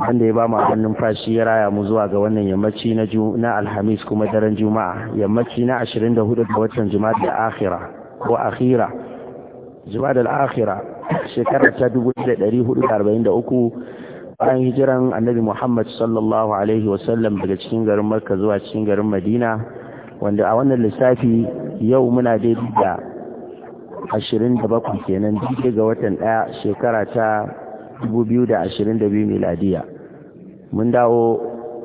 wanda ya ba mu abin numfashi ya raya mu zuwa ga wannan yammaci na na alhamis kuma daren juma'a yammaci na 24 ga watan jumada akhira ko akhira jumada akhira shekarar ta 1443 bayan hijiran annabi muhammad sallallahu alaihi wasallam daga cikin garin makka zuwa cikin garin madina wanda a wannan lissafi yau muna daidai da 27 kenan daidai ga watan ɗaya shekara ta 2022 miladiya mun dawo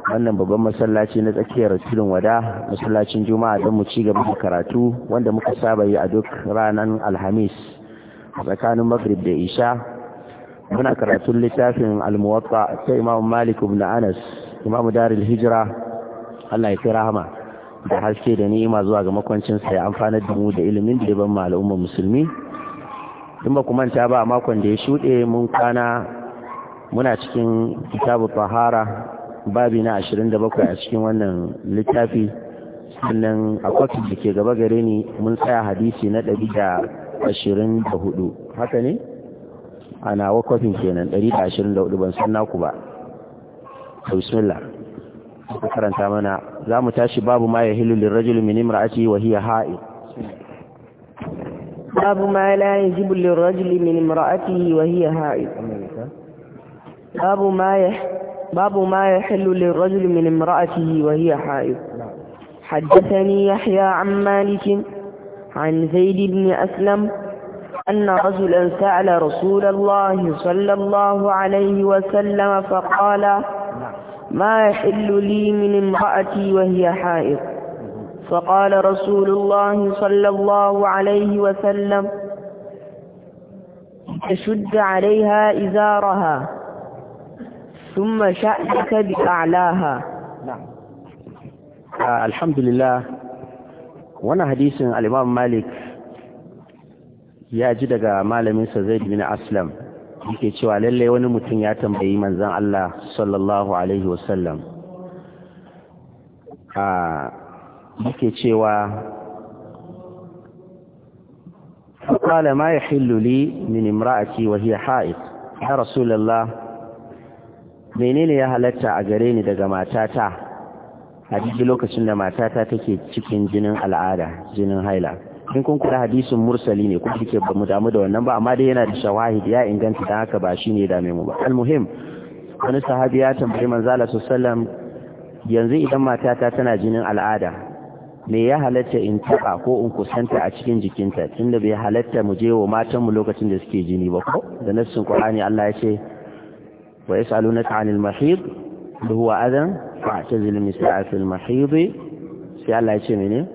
wannan babban masallaci na tsakiyar tudun wada masallacin juma'a don mu ci gaba da karatu wanda muka saba yi a duk ranar alhamis a tsakanin maghrib da isha muna karatun littafin almuwatta ta imamu malik ibn anas Imam'u daril hijira Allah ya kira hama da haske da ni'ima zuwa ga makwancin sai amfanar da mu da ilimin da ban mu al'ummar musulmi duk ba ku manta ba a makon da ya shuɗe mun kana muna cikin kitabu tahara babi na 27 a cikin wannan littafi sannan a kwakin da ke gaba gare ni mun tsaya hadisi na 124 haka ne a nawa kwafin kenan 124 ban san naku ba bismillah ta karanta mana za mu tashi babu ma ya hilu lirrajul min imra'ati wa hiya ha'i babu ma la yajibu lirrajul min yi wa hiya ha'i باب ما يح باب ما يحل للرجل من امرأته وهي حائض حدثني يحيى عن مالك عن زيد بن أسلم أن رجلا سأل رسول الله صلى الله عليه وسلم فقال ما يحل لي من امرأتي وهي حائض فقال رسول الله صلى الله عليه وسلم تشد عليها إزارها ثم شأنك بأعلاها نعم آه الحمد لله وانا حديث الإمام مالك ya ji daga malaminsa zaid bin aslam yake cewa lallai wani mutum ya tambayi manzan Allah sallallahu alaihi wasallam a yake cewa qala ma yahillu li min imra'ati wa hiya ha'id ya rasulullah menene ya halatta a gare ni daga matata hadisi lokacin da matata take cikin jinin al'ada jinin haila in kun kula hadisin mursali ne kuma kike bamu damu da wannan ba amma dai yana da shawahid ya inganta dan haka ba shine da mai mu ba almuhim wani sahabi ya tambayi manzo Allah sallallahu yanzu idan matata tana jinin al'ada me ya halatta in taba ko in kusanta a cikin jikinta tunda bai halatta mu je wa matan mu lokacin da suke jini ba ko da nassin Qur'ani Allah ya ce ويسألونك عن المحيض اللي هو أذى فاعتزل النساء في المحيض سأل الله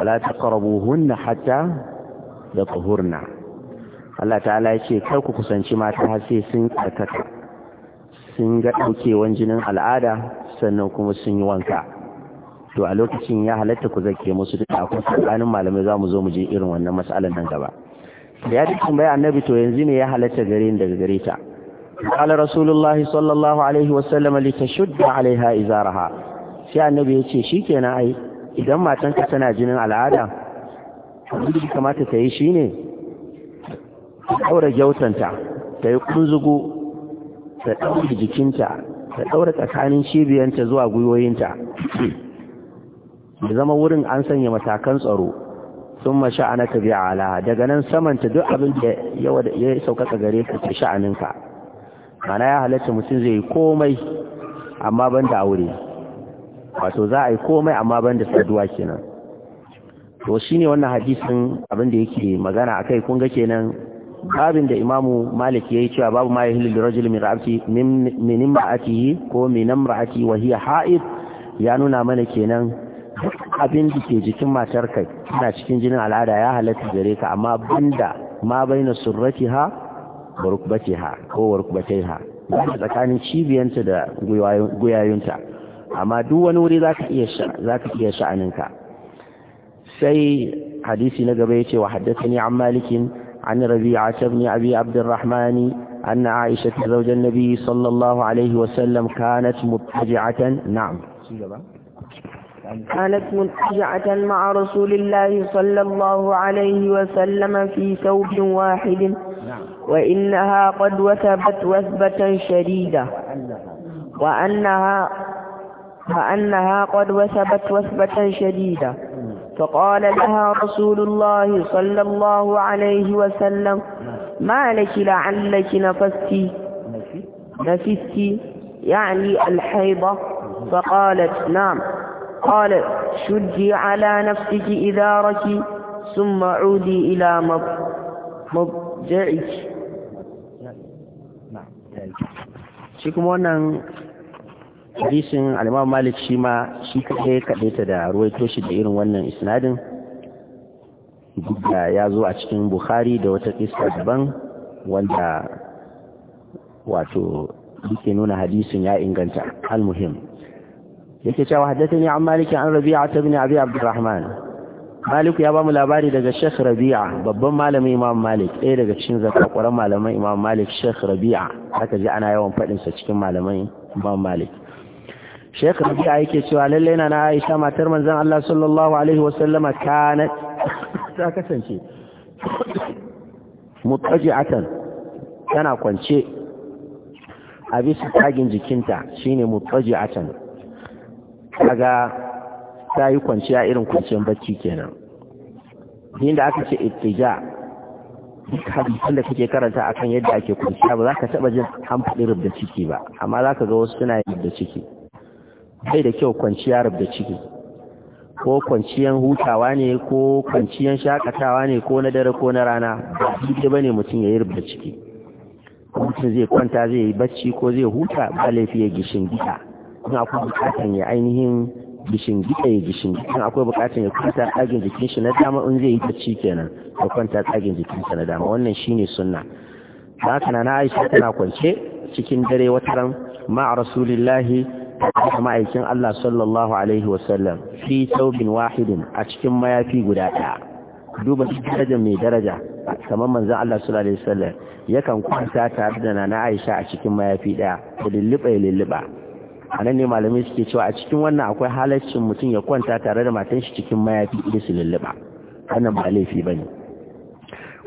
ولا تقربوهن حتى يطهرن Allah ta'ala ya ce kar ku kusanci mata har sai sun karkata sun ga jinin al'ada sannan kuma sun yi wanka to a lokacin ya halatta ku zake musu duk akwai tsakanin malamai za mu zo mu je irin wannan matsalar nan gaba da ya dukkan bai annabi to yanzu ne ya halatta gare ni daga gare ta قال رسول الله ta shudda عليه وسلم لتشد عليها إزارها sai annabi ya ce shi kenan ai idan matanka tana jinin al'ada abin kamata ta yi shi ne ta ɗaura gyautanta ta yi kunzugu ta ɗaura jikinta ta ɗaura tsakanin cibiyanta zuwa gwiwoyinta da zama wurin an sanya matakan tsaro sun ma sha'ana ta biya ala daga nan saman ta duk abin da ya sauƙaƙa gare ka ta sha'aninka mana ya halatta mutum zai yi komai amma ban aure wato za a yi komai amma ban da saduwa kenan to shine wannan hadisin abin da yake magana akai kun ga kenan babin da imamu malik yayi cewa babu ma yahillu lirajuli min ra'ati min ma'atihi ko min ra'ati wa hiya ha'id ya nuna mana kenan abin da ke jikin matar kai tana cikin jinin al'ada ya halatta gare ka amma banda ma baina surratiha wa rukbatiha ko wa rukbataiha tsakanin cibiyanta da guyayunta amma duk wani wuri za ka iya sha'aninka sai hadisi na gaba ya ce wa haddasa ni an malikin an rabi'a ibn abi abdurrahman anna aisha zawjan nabi sallallahu alaihi wa sallam kanat muttaji'atan na'am كانت منتجعة مع رسول الله صلى الله عليه وسلم في ثوب واحد وإنها قد وثبت وثبة شديدة وأنها فأنها قد وثبت وثبة شديدة فقال لها رسول الله صلى الله عليه وسلم ما لك لعلك نفستي نفستي يعني الحيضة فقالت نعم قال شجي على نفسك إذارك ثم عودي إلى مضجعك shi kuma wannan hadisin al Malik shi ma shi kadai kadaita da ruwai toshi da irin wannan isnadin da ya zo a cikin Bukhari da wata kissa daban wanda wato yake nuna hadisin ya inganta al-muhim yake cewa ne an malikin an Rabi'a ibn Abi Abdurrahman maliku ya bamu labari daga Sheikh Rabi'a babban malamin Imam Malik ɗaya daga cikin zakakwaran malaman Imam Malik Sheikh Rabi'a haka ji ana yawan faɗin sa cikin malaman Imam Malik Sheikh Rabi'a yake cewa lalle na Aisha matar manzon Allah sallallahu alaihi wasallama kana ta kasance mutaji'atan tana kwance a bisa tagin jikinta shine mutaji'atan kaga ta yi kwanciya irin kwanciyar bacci kenan ni da aka ce ittija duk da kake karanta akan yadda ake kwanciya ba za ka taba jin an faɗi rubda ciki ba amma za ka ga wasu suna rubda ciki bai da kyau kwanciya rubda ciki ko kwanciyan hutawa ne ko kwanciyan shakatawa ne ko na dare ko na rana ba daidai bane mutum ya yi rubda ciki mutum zai kwanta zai yi bacci ko zai huta ba laifi ya gishin gida in akwai bukatan ya ainihin gishingida ya gishingida akwai bukatun ya kwanta tsagen jikin shi na dama in zai yi ta ci kenan ya kwanta tsagin jikin sa na dama wannan shine sunna haka na Aisha tana kwance cikin dare wataran ma rasulillahi ma'aikin Allah sallallahu alaihi wasallam fi taubin wahidin a cikin mayafi guda ɗaya duba daraja mai daraja kamar manzon Allah sallallahu alaihi wasallam yakan kwanta tare da nana Aisha a cikin mayafi ɗaya da lulluɓa ya anan ne malamai suke cewa a cikin wannan akwai halaccin mutum ya kwanta tare da matan shi cikin mayafi da su lulluba, wannan ba laifi ba ne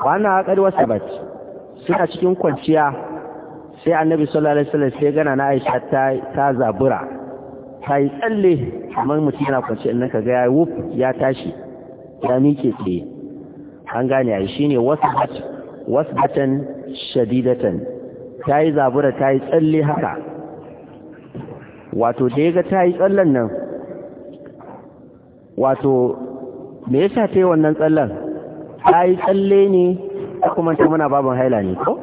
wannan haƙar wasa bat suna cikin kwanciya sai annabi sallallahu alaihi wasallam sai gana na aisha ta ta zabura ta yi tsalle kamar mutum yana kwanci in ka ga ya wuf ya tashi ya miƙe tsaye an gane ai shine wasbat wasbatan shadidatan ta yi zabura ta yi tsalle haka wato da ya ga ta yi tsallon nan wato me yasa ta yi wannan tsallan ta yi tsalle ne kuma ta muna babin haila ne ko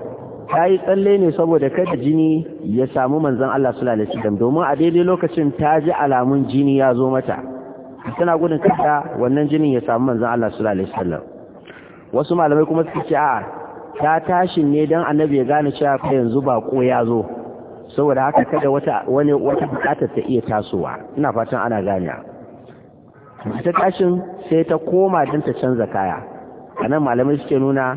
ta yi tsalle ne saboda kada jini ya samu manzan Allah su lalace dam domin a daidai lokacin ta ji alamun jini ya zo mata tana gudun kada wannan jinin ya samu manzan Allah su lalace sallam wasu malamai kuma suka ce a ta tashin ne don annabi ya gane cewa yanzu ba ko ya zo saboda haka kada wata wani wata bukatar ta iya tasowa ina fatan ana ganiya ta tashin sai ta koma don ta canza kaya anan malamai suke nuna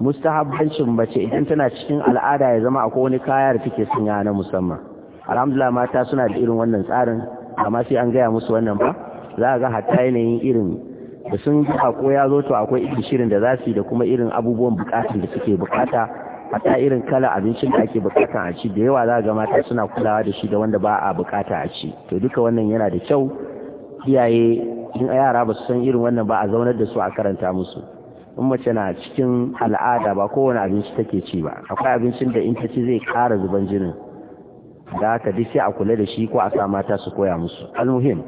mustahabbancin bace idan tana cikin al'ada ya zama akwai wani kaya da take sanya na musamman alhamdulillah mata suna da irin wannan tsarin amma sai an gaya musu wannan ba za ga hatta yanayin irin da sun ji ko ya zo to akwai irin shirin da za su yi da kuma irin abubuwan bukatun da suke bukata hatta irin kala abincin da ake bukata a ci da yawa za ga mata suna kulawa da shi da wanda ba a bukata a ci to duka wannan yana da kyau iyaye in yara ba su san irin wannan ba a zaunar da su a karanta musu in mace na cikin al'ada ba kowane abinci take ci ba akwai abincin da in ta ci zai kara zuban jinin da haka duk a kula da shi ko a sa mata su koya musu almuhim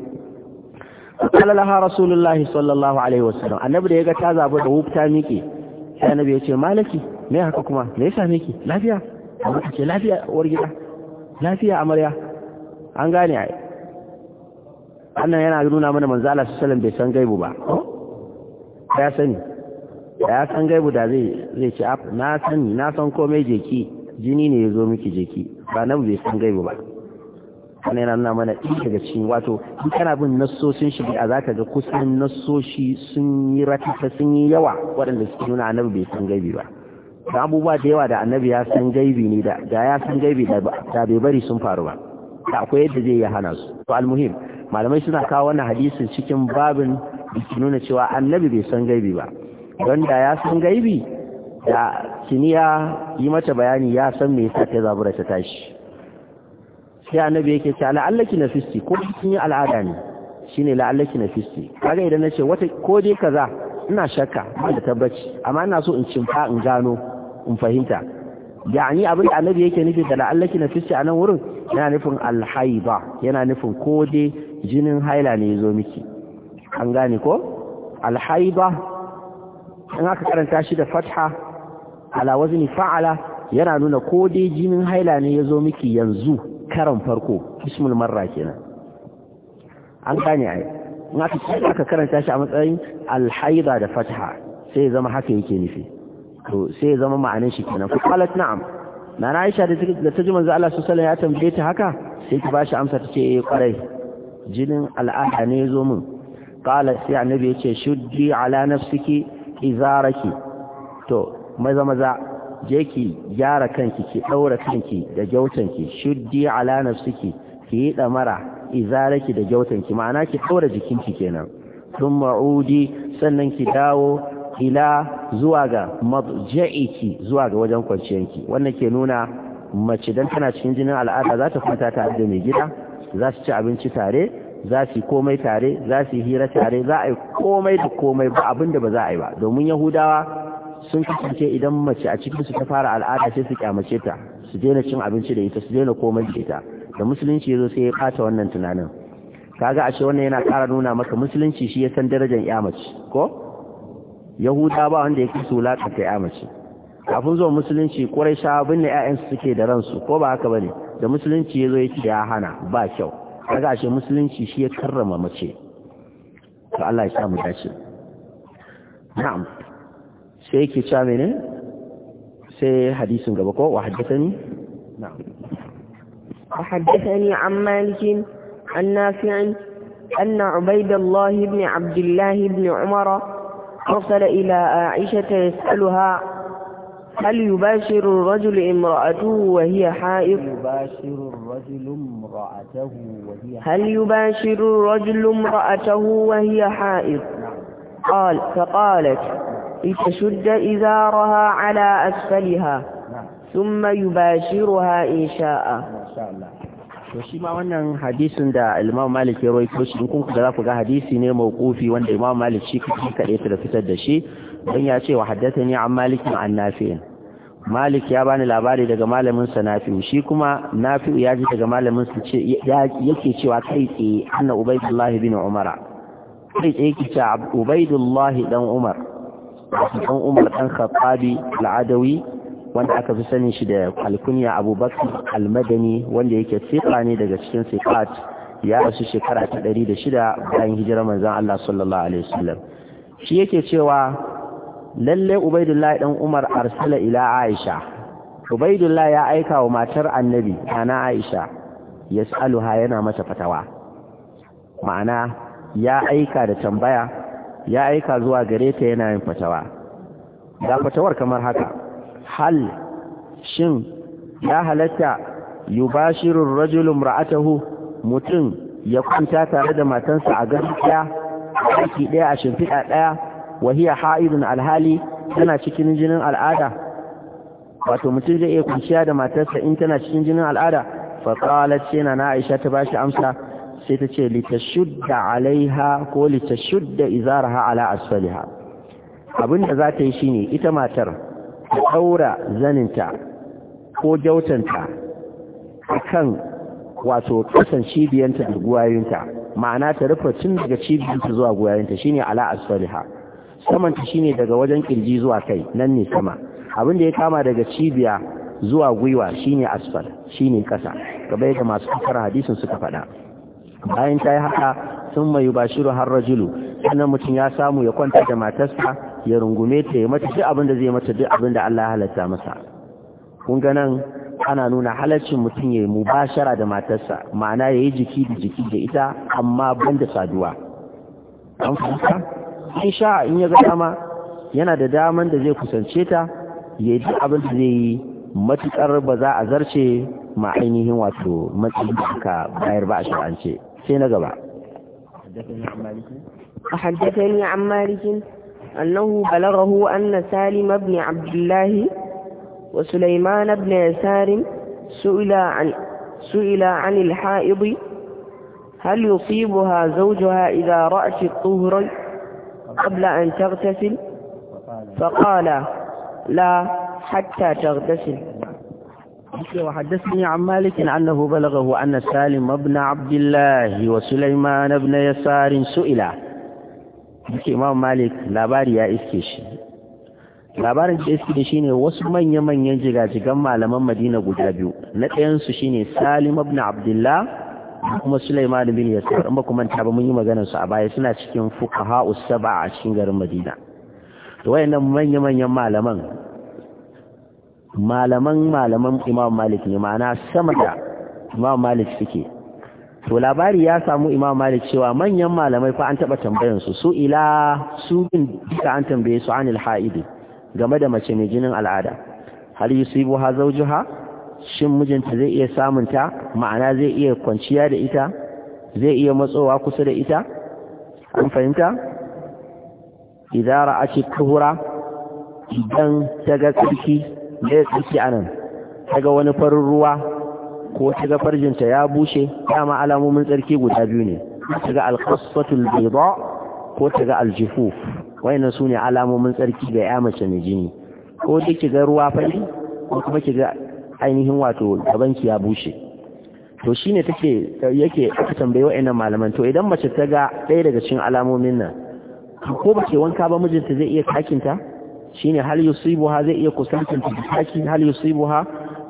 qala laha rasulullahi sallallahu alaihi wasallam annabi da ya ta zaba da wufta miƙe sai annabi ya ce malaki me haka kuma me ya same ki lafiya amma ta ce lafiya uwar gida lafiya amarya an gane ai annan yana nuna mana manzo Allah sallallahu alaihi bai san gaibu ba ya sani ya san gaibu da zai zai a na sani na san komai jeki jini ne ya zo miki jeki ba nan bai san gaibu ba wani yana nuna mana ɗin daga cikin wato in kana bin nassoshin shi a za ga kusan nassoshi sun yi ratita sun yi yawa waɗanda suke nuna annabi bai san gaibi ba da abubuwa da yawa da annabi ya san gaibi ne da da ya san gaibi da bai bari sun faru ba da akwai yadda zai yi hana su to almuhim malamai suna kawo wannan hadisin cikin babin ki nuna cewa annabi bai san gaibi ba don da ya san gaibi da kiniya yi mata bayani ya san me yasa ta zabura ta tashi sai annabi yake ce na nafisti ko kin yi al'ada ne shine na nafisti kaga idan nace wata ko dai kaza ina shakka ba da tabbaci amma ina so in cimfa in gano in fahimta yani abin da annabi yake nufi da la'allaki na fisci a nan wurin yana nufin alhaiba yana nufin ko dai jinin haila ne ya zo miki an gane ko alhaiba in aka karanta shi da fatha ala wazni fa'ala yana nuna ko dai jinin haila ne ya zo miki yanzu karan farko ismul marra kenan an gane ai in aka karanta shi a matsayin alhaiba da fatha sai zama haka yake nufi to sai ya zama ma'anin shi kenan ku qalat na'am na Aisha da ta ji manzo Allah sallallahu alaihi ya tambaye ta haka sai ta bashi amsa tace eh kwarai jinin al'ada ne zo min qalat sai annabi yace shuddi ala nafsiki izaraki to maza maza je ki gyara kanki ki daura kanki da gyautanki shuddi ala nafsiki ki da mara izaraki da gyautanki ma'ana ki daura jikinki kenan thumma udi sannan ki dawo ila zuwa ga madja'iki zuwa ga wajen kwanciyanki wannan ke nuna mace dan tana cikin jinin al'ada za ta kwanta tare da mai gida za su ci abinci tare za su komai tare za su hira tare za a yi komai da komai ba abin da ba za a yi ba domin yahudawa sun kasance idan mace a cikin su ta fara al'ada sai su kyamace ta su daina cin abinci da ita su daina komai da ita da musulunci ya zo sai ya bata wannan tunanin kaga a ce wannan yana ƙara nuna maka musulunci shi ya san darajar ya mace ko yahuda ba wanda yake su lakata ya mace kafin zuwa musulunci ƙwarai sha binne su suke da ransu ko ba haka bane da musulunci ya zo ya da ya hana ba kyau daga ashe musulunci shi ya karrama mace to Allah ya sa mu dace na'am sai yake cewa mene sai hadisin gaba ko wa haddathani na'am وحدثني an مالك عن نافع أن عبيد الله abdullahi ibn الله أرسل إلى عائشة يسألها هل يباشر الرجل امرأته وهي حائض يباشر الرجل امرأته وهي هل يباشر الرجل امرأته وهي حائض نعم. قال فقالت لتشد إزارها على أسفلها نعم. ثم يباشرها إن شاء to shi ma wannan hadisin da Imam Malik ya rawaito shi in kun ga za ku ga hadisi ne mauqufi wanda Imam Malik shi kadai ta fitar da shi dan ya ce wa haddathani an Malik an Nafi Malik ya bani labari daga malamin sa Nafi shi kuma Nafi ya ji daga malamin sa ce yake cewa kai tsaye anna Ubaydullah bin Umar kai tsaye yake cewa Ubaydullah dan Umar dan Umar dan Khattabi al-Adawi wanda aka fi sani shi da alkunya abubakar almadani wanda yake sifa ne daga cikin sifat ya rasu shekara ta ɗari da shida bayan hijirar manzan Allah sallallahu alaihi wasallam shi yake cewa lalle ubaidullahi dan umar arsala ila aisha ubaidullahi ya aika wa matar annabi ana aisha ya yas'aluha yana mata fatawa ma'ana ya aika da tambaya ya aika zuwa gare ta yana yin fatawa ga fatawar kamar haka hal shin ya halatta yubashirur rajulun ra'atahu mutum ya kwanta tare da matansa a gari daya aiki daya a shimfiɗa daya wahiya ha'idun alhali tana cikin jinin al'ada wato mutum zai iya kwanciya da matarsa in tana cikin jinin al'ada fa qalat na Aisha ta bashi amsa sai ta ce litashudda alaiha ko litashudda izaraha ala asfaliha abinda za ta yi shine ita matar ta ɗaura zaninta ko jautanta a kan wato ƙasan cibiyanta da guwayinta ma'ana ta rufe tun daga cibiyanta zuwa guwayinta shine ala asfaliha samanta shine daga wajen kirji zuwa kai nan ne sama abin da ya kama daga cibiya zuwa gwiwa shine asfal shine ƙasa gaba yadda masu kafara hadisin suka faɗa bayan ta yi haka sun mai bashiru har rajulu sannan mutum ya samu ya kwanta da matarsa ya rungume ta yi mata shi abin da zai mata duk abin Allah halatta masa kun ana nuna halaccin mutum ya yi mubashara da matarsa ma'ana ya yi jiki da jiki da ita amma ban da saduwa an fahimta in sha in ya ga dama yana da daman da zai kusance ta ya yi abin da zai yi matuƙar ba za a zarce ma ainihin wato matsayin da suka bayar ba a sha'ance sai na gaba حدثني عن مالك أنه بلغه أن سالم بن عبد الله وسليمان بن يسار سئل عن سئل عن الحائض هل يصيبها زوجها إذا رأت الطهر قبل أن تغتسل فقال لا حتى تغتسل وحدثني عن مالك أنه بلغه أن سالم بن عبد الله وسليمان بن يسار سئلا yake imam malik labari ya iske shi labarin da iske shi ne wasu manya-manyan jigajigan malaman madina guda biyu na ɗayansu shi ne salim ibn abdullah kuma sulaiman bin yasar amma kuma ta ba mun yi maganar su a baya suna cikin fuqaha usaba a cikin garin madina to wayannan manya-manyan malaman malaman malaman imam malik ne ma'ana sama da imam malik suke to labari ya samu imam malik cewa manyan malamai fa an taba tambayan su su ila su bin duka an tambaye su anil haidi game da mace mai jinin al'ada hal yusibu ha zawjuha shin mijinta zai iya samun ta ma'ana zai iya kwanciya da ita zai iya matsowa kusa da ita an fahimta idan ra'ati tuhura idan ta ga tsarki ne tsarki anan ta ga wani farin ruwa ko ta ga farjinta ya bushe dama alamomin tsarki guda biyu ne ta ga alkhassatul bayda ko ta ga aljufuf wayannan sune alamomin tsarki ga ya mace mai jini ko duk ki ga ruwa fari ko kuma ki ga ainihin wato gabanki ya bushe to shine take yake aka tambaye wayannan malaman to idan mace ta ga ɗaya daga cikin alamomin nan ko ba ke wanka ba mijinta zai iya takinta shine hal yusibuha zai iya kusantar ta takin hal yusibuha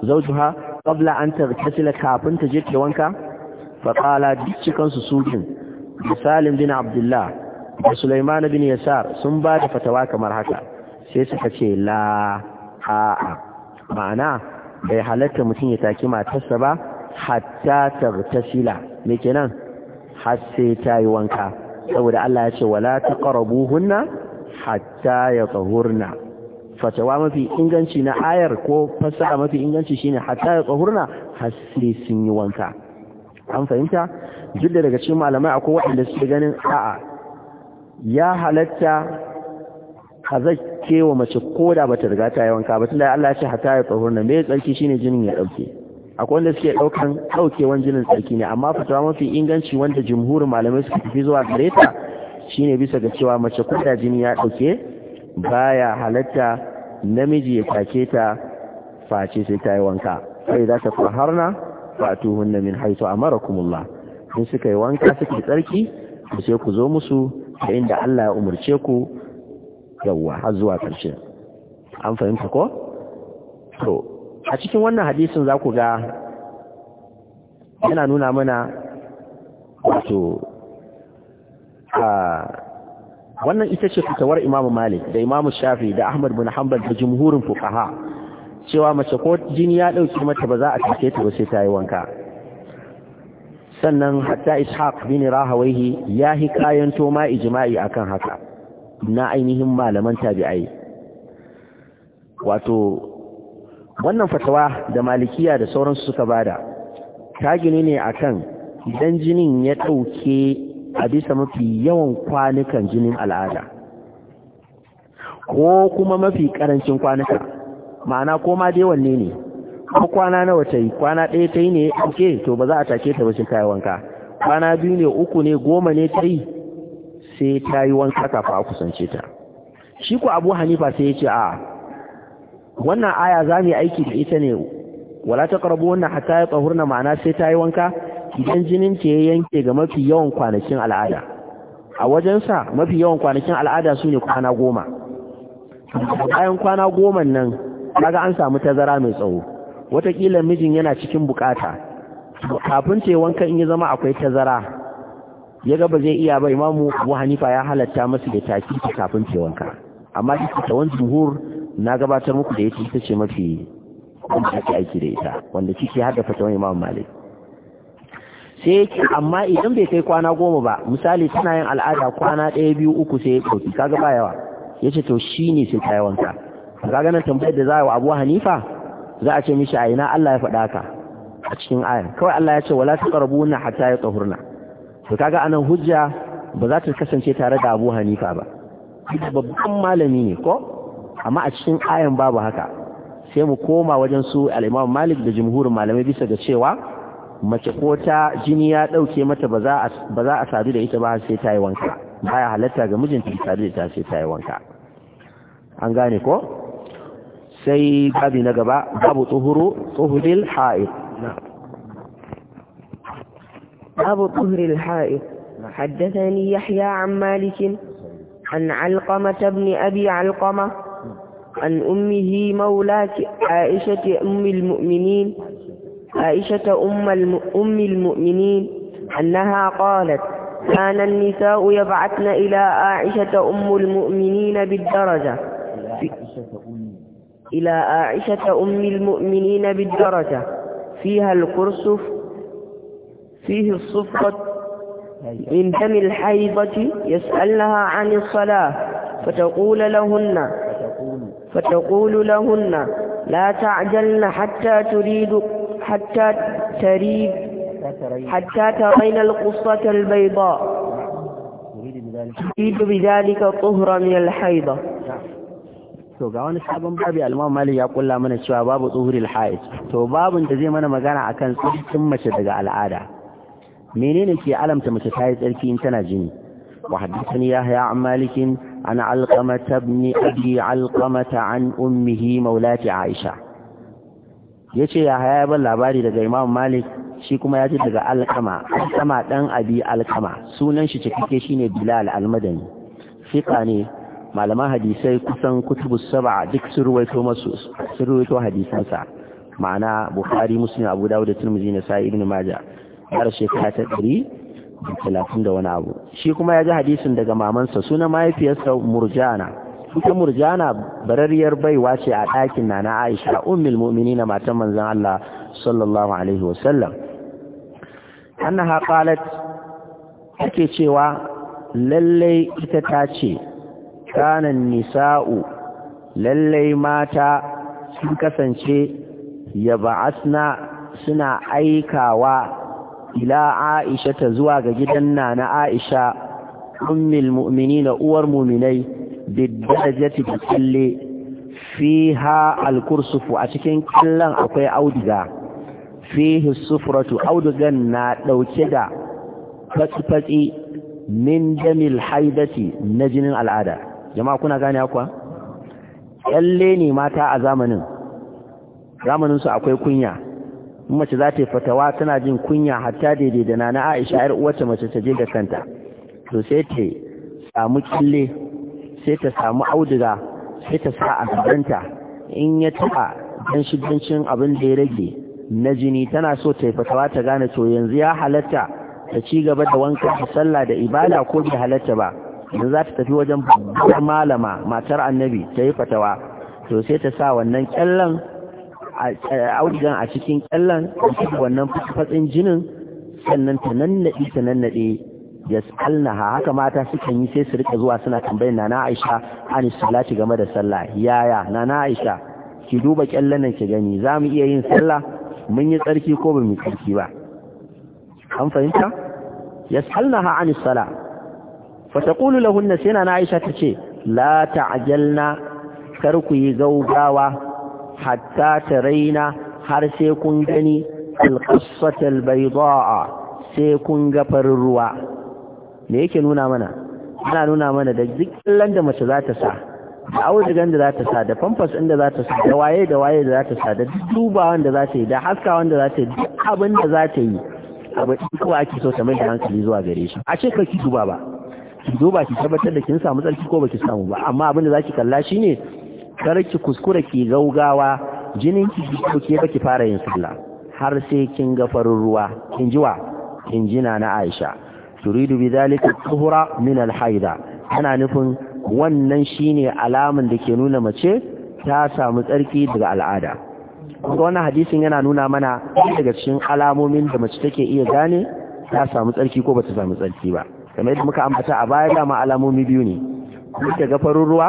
zaujuha qabla an tartasila kafin ta je ta wanka fa qala dukkan su sujin Salim bin Abdullah da Suleiman bin Yasar sun ba da fatawa kamar haka sai suka ce la a'a ma'ana bai halatta mutum ya taki matarsa ba hatta tartasila me kenan har sai ta yi wanka saboda Allah ya ce wala ta taqrabuhunna hatta yatahurna fatawa mafi inganci na ayar ko fasaha mafi inganci shine hatta ya tsahurna har sai sun yi wanka an fahimta duk daga cikin malamai akwai waɗanda suke ganin a'a ya halatta kaza zake wa mace ko da bata riga ta yi wanka ba tunda Allah ya ce hatta ya tsahurna me tsarki shine jinin ya dauke akwai wanda suke daukan daukewan jinin tsarki ne amma fatawa mafi inganci wanda jumhurin malamai suka fi zuwa gareta ta shine bisa ga cewa mace ko da jini ya dauke baya halatta namiji ya take ta face sai ta yi wanka sai za ta faharna hunna min haitu amarakumullah in suka yi wanka suke tsarki sai ku zo musu da inda Allah ya umarce ku yawwa har zuwa ƙarshe an fahimta ko to a cikin wannan hadisin za ku ga yana nuna mana wato a wannan ita ce fitawar imamu malik da imamu shafi da ahmad bin hanbal da jumhurin fuqaha cewa mace ko jini ya ɗauki mata ba za a tace ta ba sai ta yi wanka sannan hatta ishaq bin rahawayhi ya hi kayan toma ijma'i akan haka na ainihin malaman tabi'ai wato wannan fatawa da malikiya da sauransu suka bada ta gini ne akan idan jinin ya dauke a bisa mafi yawan kwanukan jinin al'ada ko kuma mafi karancin kwanuka ma'ana ko ma dai wanne ne ko kwana nawa ta yi kwana ɗaya ta yi ne ake to ba za a take ta bashin kayan wanka kwana biyu ne uku ne goma ne ta yi sai ta yi wanka kafa a kusance ta shi ku abu hanifa sai ya ce a wannan aya za mu yi aiki da ita ne wala ta karbo wannan hata ya tsohurna ma'ana sai ta yi wanka idan jinin ta ya yanke ga mafi yawan kwanakin al'ada a wajensa mafi yawan kwanakin al'ada su ne kwana goma bayan kwana goma nan kaga an samu tazara mai tsawo watakila mijin yana cikin bukata kafin ta wanka in ya zama akwai tazara ya ga zai iya ba mamu abu hanifa ya halatta masu da taki kafin ta wanka amma ita ta wani zuhur na gabatar muku da ya ita ce mafi wanda ake aiki da ita wanda kike hada fata wani imamu malik sai yake amma idan bai kai kwana goma ba misali tana yin al'ada kwana ɗaya biyu uku sai ya ɗauki kaga ba yawa ya ce to shi ne sai ta yawanka kaga nan tambayar da za a wa abuwa hanifa za a ce mishi a ina Allah ya faɗa haka a cikin ayan kawai Allah ya ce wala ta taqrabu na hatta ya tsohurna to kaga anan hujja ba za ta kasance tare da abu hanifa ba babban malami ne ko amma a cikin ayan babu haka sai mu koma wajen su al'imman malik da jumhurin malamai bisa ga cewa mace ko ta jini ya dauke mata ba za a sadu da ita ba sai ta yi wanka baya halatta ga mijinta ta sadu da ta sai ta yi wanka an gane ko sai babi na gaba babu tsohuru tsohuril ha'id babu tsohuril ha'id حدثني يحيى عن مالك عن علقمة بن أبي علقمة عن أمه مولاة عائشة أم المؤمنين عائشة أم, الم... أم المؤمنين أنها قالت كان النساء يبعثن إلى عائشة أم المؤمنين بالدرجة إلى عائشة أم المؤمنين بالدرجة فيها الكرسف فيه الصفة من دم الحيضة يسألها عن الصلاة فتقول لهن فتقول لهن لا تعجلن حتى تريد حتى تريب حتى ترين القصة البيضاء يريد بذلك طهرا من الحيضة to ga wani sabon babu al-Imam Malik ya kulla mana cewa babu tsuhuril haiz to babun da zai mana magana a kan tsarkin mace daga al'ada menene ke alamta mace ta yi tsarki in tana jini wa haddathani Yahya an Malik an Alqamah ibn Abi Alqamah an ummihi maulati Aisha ya ce ya haya ban labari daga imam malik shi kuma ya ce daga alkama alkama ɗan abi alkama sunan shi cikake ne bilal almadani fiƙa ne malaman hadisai kusan kutubu saba duk sun masu hadisansa ma'ana bukhari muslim abu dawud da turmuzi na sa'i ibn majah har shekara ta ɗari da talatin da wani abu shi kuma ya ji hadisin daga mamansa sunan mahaifiyarsa murjana ita murjana barariyar baiwa ce a ɗakin na na aisha ummul mu'minin matan manzon Allah sallallahu alaihi wasallam annaha qalat take cewa lalle ita ta ce kanan nisa'u lalle mata sun kasance ya yab'asna suna aikawa ila aisha ta zuwa ga gidan na na aisha ummul mu'minin uwar mu'minai bidajati kalle fiha alkursufu a cikin kallon akwai auduga fihi sufratu audugan na dauke da fatsi min jamil haidati na jinin al'ada jama'a kuna gane akwa kyalle ne mata a zamanin zamanin su akwai kunya mace za ta fatawa tana jin kunya hatta daidai da na aisha yar uwata mace ta je da kanta to sai ta samu kille sai ta samu auduga sai ta sa a gabanta in ya taɓa danshi danshin abin da ya rage na jini tana so ta yi fatawa ta gane to yanzu ya halatta ta ci gaba da wanka da sallah da ibada ko bai halatta ba yanzu za ta tafi wajen babbar malama matar annabi ta yi fatawa to sai ta sa wannan kyallan audigan a cikin kyallan wannan fatsin jinin sannan ta nannaɗe ta nannaɗe yas'alnaha haka mata sukan yi sai su rika zuwa suna tambayar nana Aisha an salati game da sallah yaya nana Aisha ki duba kyallan nan ki gani za mu iya yin sallah mun yi tsarki ko ba mu tsarki ba an fahimta yas'alnaha an salah fa taqulu lahunna sai nana Aisha tace la ta'jalna kar ku yi gaugawa hatta taraina har sai kun gani al albaydaa sai kun ga farin ruwa me yake nuna mana ana nuna mana da zikillan da mace za ta sa da audugan da za ta sa da famfas ɗin da za ta sa da waye da waye da za ta sa da duba wanda za ta yi da haska wanda za ta yi duk abin za ta yi abu ɗin ake so ta mai da hankali zuwa gare shi a ce ka ki duba ba ki duba ki tabbatar da kin samu tsarki ko baki samu ba amma abin da za ki kalla shine kar ki kuskura ki gaugawa jinin ki ki ba ki fara yin sallah har sai kin ga farin ruwa kin jiwa kin jina na Aisha تريد bi zalika من min alhaida ana nufin wannan shine alaman da ke nuna mace ta samu tsarki daga al'ada kuma wannan hadisin yana nuna mana daga cikin alamomin da mace take iya gane ta samu tsarki ko bata samu tsarki ba kamar yadda muka ambata a baya ma alamomi biyu ne kuma ga farin ruwa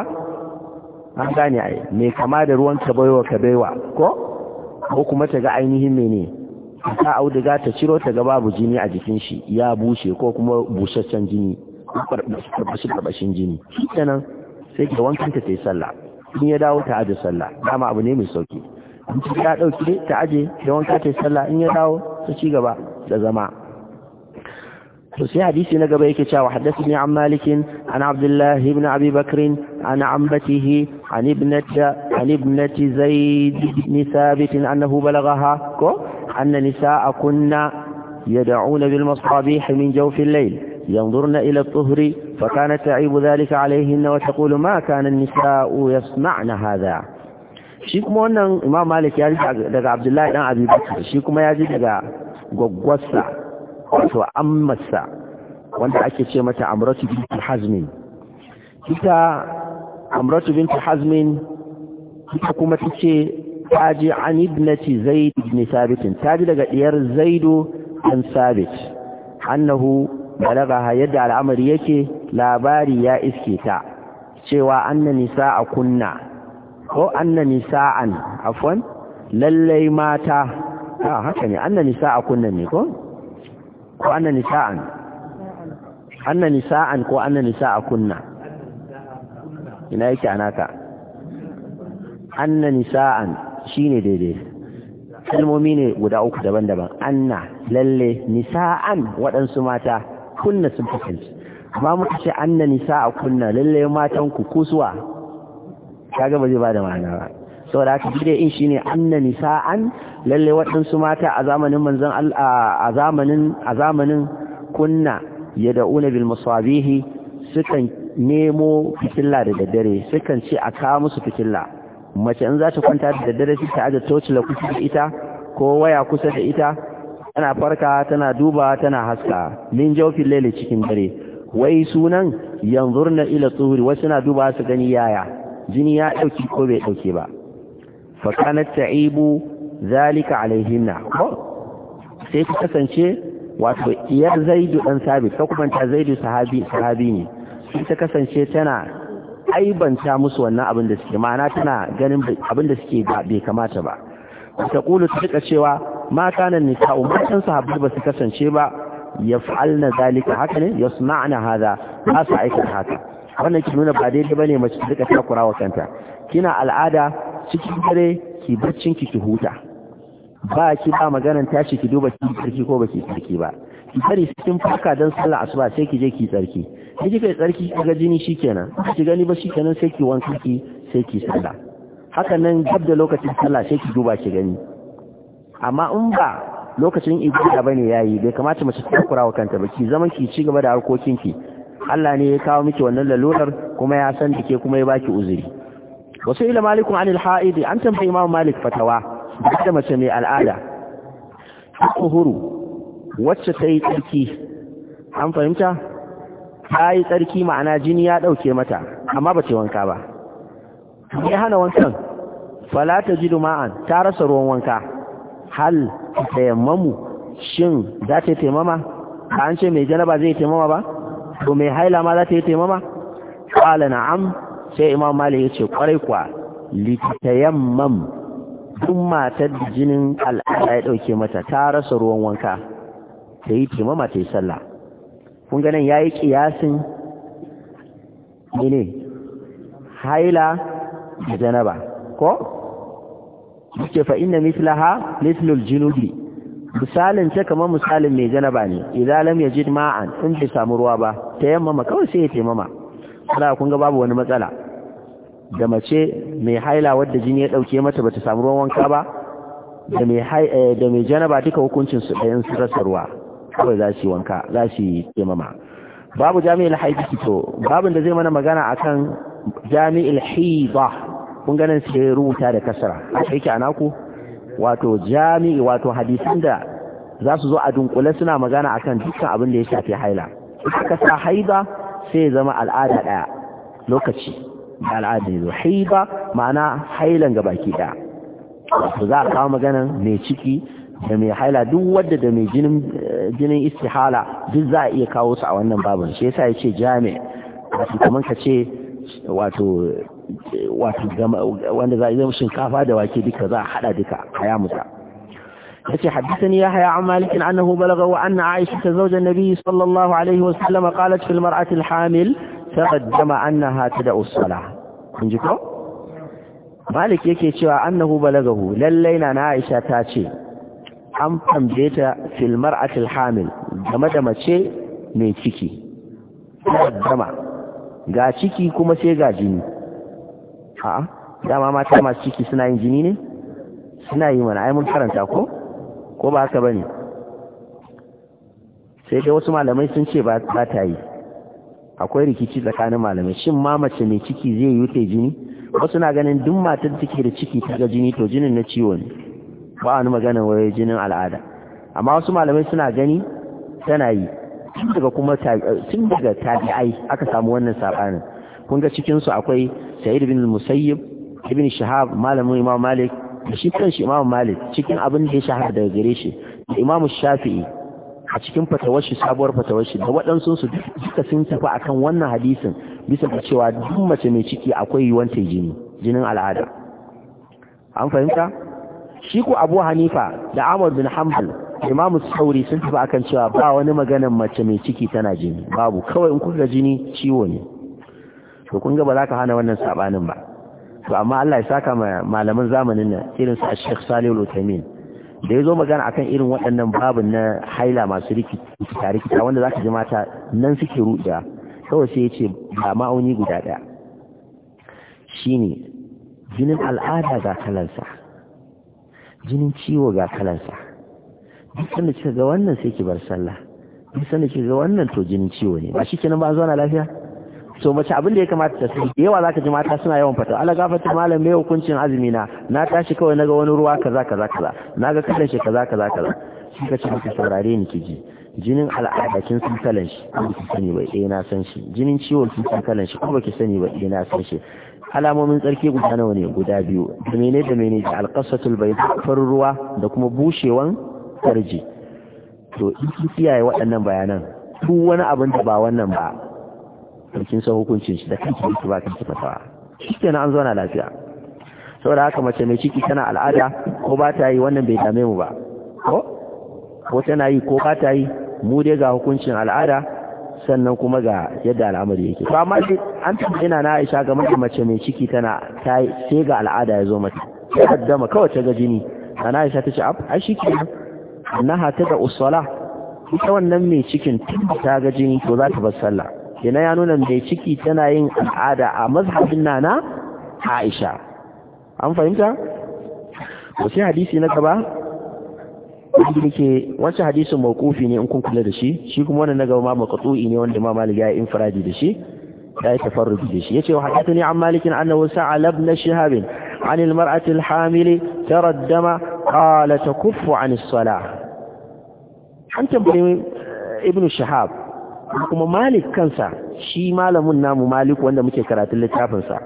an gane ai me kama da ruwan kabaiwa kabaiwa ko ko kuma ta ga ainihin menene? ta auduga ta ciro ta ga babu jini a jikin shi ya bushe ko kuma busasshen jini karbashi karbashin jini nan, sai ke wankan ta sai sallah in ya dawo ta aje sallah dama abu ne mai sauki in ta ya dauki ta aje da wanka ta sallah in ya dawo ta ci gaba da zama to sai hadisi na gaba yake cewa ne an malikin an abdullah ibn abi bakr an ambatihi an ibnati an ibnati zaid ibn thabit annahu balagaha ko أن نساء كنا يدعون بالمصابيح من جوف الليل ينظرن إلى الطهر فكانت تعيب ذلك عليهن وتقول ما كان النساء يسمعن هذا شيكم أن إمام مالك يجب لك عبد الله إنا عبد بكر شيكم يجب لك قوصة قوصة أمسة وانت أكيد شيء متى أمرت بنت حزم كتا أمرت بنت حزم كتا كومتك taji an ibnati zaid ibn sabit taji daga diyar zaidu an sabit annahu balagaha yadda al'amari yake labari ya iske ta cewa anna a kunna ko anna an afwan lallai mata a haka ne anna a kunna ne ko ko anna an? anna an ko anna a kunna ina yake anaka anna an. Shi ne daidai kalmomi ne guda uku daban-daban anna lalle nisa'an waɗansu mata kunna sun kasance amma muka ce anna nisa'a kunna lalle matan ku kusuwa Ta gaba zai bada ma'ana ba da haka jide in shi ne anna nisa'an lalle waɗansu mata a zamanin manzan a zamanin kunna ya kunna una bil maswabihi sukan nemo fitilla da daddare sukan ce a kawo musu fitilla mace in za ta kwanta da daddare ta aje tocila kusa da ita ko waya kusa da ita tana farka tana duba tana haska min jawfin laili cikin dare wai sunan na ila tsuhuri wasu na duba su gani yaya jini ya ɗauki ko bai ɗauke ba Fakanar ta'ibu zalika alaihinna sai ku kasance wato iyar zaidu ɗan sabit ta kuma ta zaidu sahabi sahabi ne sai ta kasance tana Ai ban aibanta musu wannan abin da suke ma'ana tana ganin abin da suke bai kamata ba ta kulu ta rika cewa ma kana matan umarcin sahabbai ba su kasance ba Ya fa'alna zalika haka ne Ya yasma'na haza ba su aikata haka wannan ki nuna ba daidai bane mace ta rika takura wa kanta kina al'ada cikin dare ki baccin ki ki huta ba ki ba maganan tashi ki duba ki sarki ko ki tsarki ba ki bari cikin farka don sallah asuba sai ki je ki tsarki da kika yi tsarki kaga jini shikenan ki gani ba shikenan sai ki wanka ki sai ki sallah haka nan gab da lokacin sallah sai ki duba ki gani amma in ba lokacin ibada bane yayi bai kamata mace ta kurawa kanta ba ki zaman ki ci gaba da harkokin ki Allah ne ya kawo miki wannan lalurar kuma ya san dake kuma ya baki uzuri wasu ila malikun anil ha'idi an tambayi imam malik fatawa da mace mai al'ada ta wacce ta yi tsarki an fahimta ta yi tsarki ma'ana jini ya ɗauke mata amma ba ce wanka ba ya hana wankan fala ta ji duma'an ta rasa ruwan wanka hal tayammamu shin za ta yi taimama an ce mai janaba zai yi taimama ba to mai haila ma za ta yi taimama na na'am sai imam mali ya ce kwarai kuwa litayammam duk matar jinin al'ada ya ɗauke mata ta rasa ruwan wanka ta yi taimama ta yi sallah kun ga nan yayi kiyasin mene haila da janaba ko suke fa inna mislaha mislul junubi misalin ta kamar misalin mai janaba ne idan lam yajid ma'an in bai samu ruwa ba ta yammama kawai sai ya taimama ala kun ga babu wani matsala da mace mai haila wadda jini ya dauke mata ba ta samu ruwan wanka ba eh, da mai janaba duka hukuncin su ɗayan su rasa ruwa kawai za shi wanka za shi taimama babu jami'il haidi to babin da zai mana magana akan jami'il hiba kun ganin sai rubuta da kasara haka yake anaku wato jami'i wato hadisin da za su zo a dunkule suna magana akan dukkan abin da ya shafi haila aka sa haiba sai zama al'ada daya lokaci da al'ada ne haiba ma'ana hailan ga baki daya wato za a kawo maganan mai ciki da mai haila duk wadda da mai jinin istihala duk za a iya kawo su a wannan babin shi yasa yace jami wato kaman ka ce wato wato wanda za a yi shinkafa da wake duka za a hada duka haya musa yace haddathani ya haya an malikin annahu balagha wa anna aisha ta zaujan nabi sallallahu alaihi wa sallam qalat fil mar'ati al hamil taqaddama annaha tad'u as-salah kun ji ko malik yake cewa annahu balagahu lallai na aisha ta ce an tambaye ta filmar mar'atil hamil game da mace mai ciki dama ga ciki kuma sai ga jini a dama mata masu ciki suna yin jini ne suna yi mana ai karanta ko ko ba haka bane sai dai wasu malamai sun ce ba ta yi akwai rikici tsakanin malamai shin ma mace mai ciki zai yi wuce jini wasu na ganin duk matar take da ciki ta ga jini to jinin na ciwo ne ba wani magana wai jinin al'ada amma wasu malamai suna gani tana yi tun daga kuma tun daga tabi'ai aka samu wannan sabanin kun ga cikin su akwai Sa'id ibn Musayyib ibn shahab malamin Imam Malik da shi kanshi Imam Malik cikin abin da ya shahara daga gare shi da Imam Shafi'i a cikin fatawar shi sabuwar fatawar shi, da waɗansu su duka sun tafi akan wannan hadisin bisa da cewa duk mace mai ciki akwai yiwuwar ta jini jinin al'ada an fahimta shi ko abu hanifa da ahmad bin hanbal imamu sauri sun tafi akan cewa ba wani maganan mace mai ciki tana jini babu kawai in kuka jini ciwo ne to kun ga ba za ka hana wannan sabanin ba to amma Allah ya saka ma malaman zamanin nan irin su Sheikh Salih al uthaymeen da yazo magana akan irin waɗannan babun na haila masu riki rikita wanda zaka ji mata nan suke ruɗa kawai sai yace ba ma'auni guda daya shine jinin al'ada ga kalansa jinin ciwo ga kalansa duk sanda kika ga wannan sai ki bar sallah duk sanda kika ga wannan to jinin ciwo ne ba shikenan ba zuwa na lafiya to mace abin da ya kamata ta sani yawa zaka ji mata suna yawan fata ala gafarta malam mai hukuncin azumi na na tashi kawai naga wani ruwa kaza kaza kaza naga kallon shi kaza kaza kaza shi ka ci maka saurare ni ki ji jinin al'ada kin san kalan shi ko ki sani ba eh na san shi jinin ciwon kin san kalan shi ko ki sani ba eh na san shi alamomin tsarki guda nawa ne guda biyu da mene da mene da alƙasatul bai farin ruwa da kuma bushewan farji to in ki kiyaye waɗannan bayanan tu wani abin da ba wannan ba sarkin sa hukuncin shi da kanki yake ba kanki fatawa shikenan an zauna lafiya saboda haka mace mai ciki tana al'ada ko ba ta yi wannan bai dame mu ba ko ko tana yi ko ba ta yi mu dai ga hukuncin al'ada sannan kuma ga yadda al'amari yake to amma shi an tabbata ina na Aisha ga mace mai ciki tana sai ga al'ada ya zo mata ta kaddama kawai ta ga jini ana Aisha ta ce ab ai shike annaha da usala ita wannan mai cikin ta ga jini to za ta bar sallah Ina ya nuna mai ciki tana yin al'ada a mazhabin nana Aisha an fahimta to sai hadisi na gaba yake wancan hadisin mawqufi ne in kun kula da shi shi kuma wannan na gaba ma maqtu'i ne wanda ma malik ya yi infiradi da shi ya yi tafarruji da shi yace wa hadathani an malik annahu sa'ala ibn shihab عن المرأة الحامل taraddama qala takuffu an as-salah an tambayi eh, ibnu Shihab kuma malik kansa shi malamin namu malik wanda muke karatun littafinsa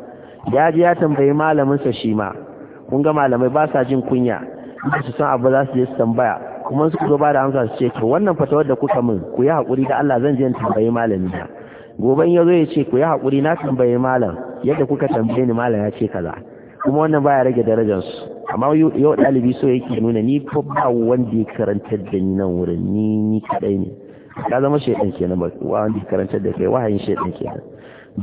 ya ji ya tambayi malaminsa shi ma kun ga malamai ba sa jin kunya ba su san abu za su je su tambaya kuma su zo ba da amsa su ce to wannan fatawar da kuka min ku yi haƙuri da Allah zan je in tambayi malami na goben ya zo ya ce ku yi haƙuri na tambayi malam yadda kuka tambaye ni malam ya ce kaza kuma wannan baya rage darajar su amma yau ɗalibi so yake nuna ni ko ba wanda ya karantar da ni nan wurin ni ni kaɗai ne ka zama shaidan kenan ba wanda ya karantar da kai wahayin shaidan kenan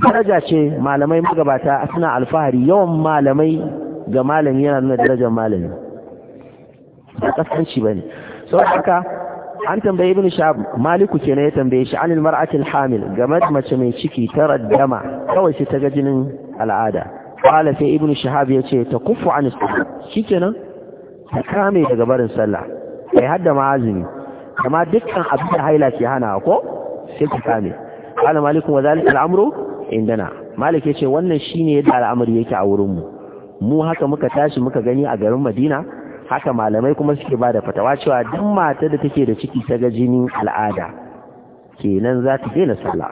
daraja ce malamai magabata suna alfahari yawan malamai ga malami yana nuna darajar malami ba kasanci bane saboda haka an tambaye ibn shab maliku ne ya tambaye shi anil mar'atil hamil game da mace mai ciki ta raddama kawai sai ta ga jinin al'ada qala sai ibn shahab ce ta kufu an shikenan ta kame daga barin sallah kai hadda ma'azini azumi kama dukkan abin da haila ke hana ko sai ta kame qala maliku wa zalika al'amru indana malik ce wannan shine yadda al'amari yake a wurin mu mu haka muka tashi muka gani a garin madina haka malamai kuma suke bada fatawa cewa duk mata da take da ciki ta ga jini al'ada kenan za ta daina sallah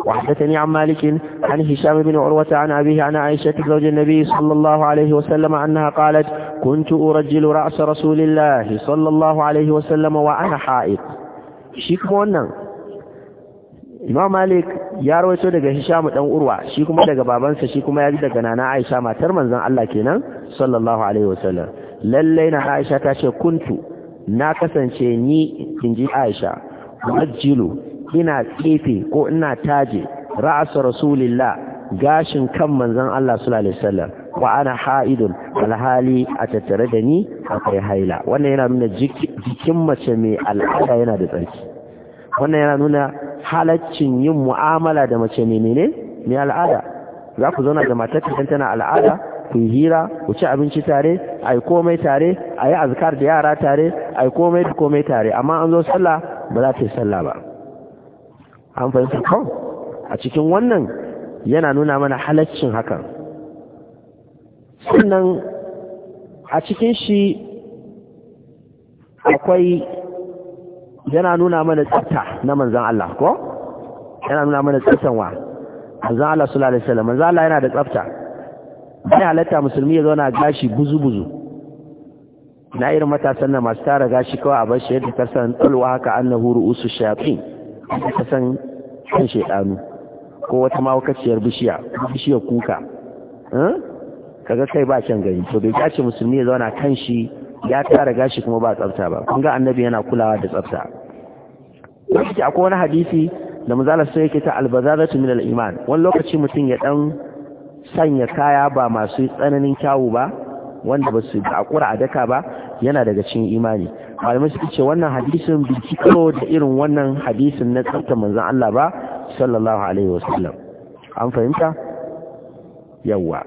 وحدثني عن مالك عن هشام بن عروة عن أبيه عن عائشة زوج النبي صلى الله عليه وسلم أنها قالت كنت أرجل رأس رسول الله صلى الله عليه وسلم وأنا حائط شيك مونا إمام مالك يا روي سودك هشام بن عروة شيك مونا بابان شيك مونا يجدك أنا عائشة ما ترمن زن الله كينا صلى الله عليه وسلم lallai na Aisha ta ce kuntu na kasance ni in ji Aisha majilu ina tsefe ko ina taje ra'asa rasulillah gashin kan manzon Allah sallallahu alaihi wasallam wa ana haidun alhali a tattare da ni akwai haila wannan yana nuna jikin mace mai al'ada yana da tsarki wannan yana nuna halaccin yin mu'amala da mace mai menene mai al'ada za ku zauna da matar tana al'ada ku yi hira ku ci abinci tare a yi komai tare a yi azkar da yara tare a yi komai da komai tare amma an zo sallah ba za ta yi sallah ba an fahimta kan a cikin wannan yana nuna mana halaccin hakan sannan a cikin shi akwai yana nuna mana tsafta na manzan Allah ko yana nuna mana tsaftan wa manzan Allah sallallahu alaihi wasallam manzan Allah yana da tsafta bai halatta musulmi ya zauna gashi buzu-buzu na irin matasan na masu tara gashi kawai a bashi yadda ta san tsalwa haka an na huru usu shafin ta san kan shaidanu ko wata mawakaciyar bishiya bishiyar kuka ga kai ba can gani to bai gashi musulmi ya zauna kan shi ya tara gashi kuma ba tsafta ba kun ga annabi yana kulawa da tsafta lokaci akwai wani hadisi da mazalar sai yake ta albazaratu min al-iman wani lokaci mutum ya dan sanya kaya ba masu tsananin kyawu ba wanda ba su akura a daka ba yana daga cin imani malamai suka ce wannan hadisin biki karo da irin wannan hadisin na tsarta manzan Allah ba sallallahu alaihi wasallam an fahimta yawa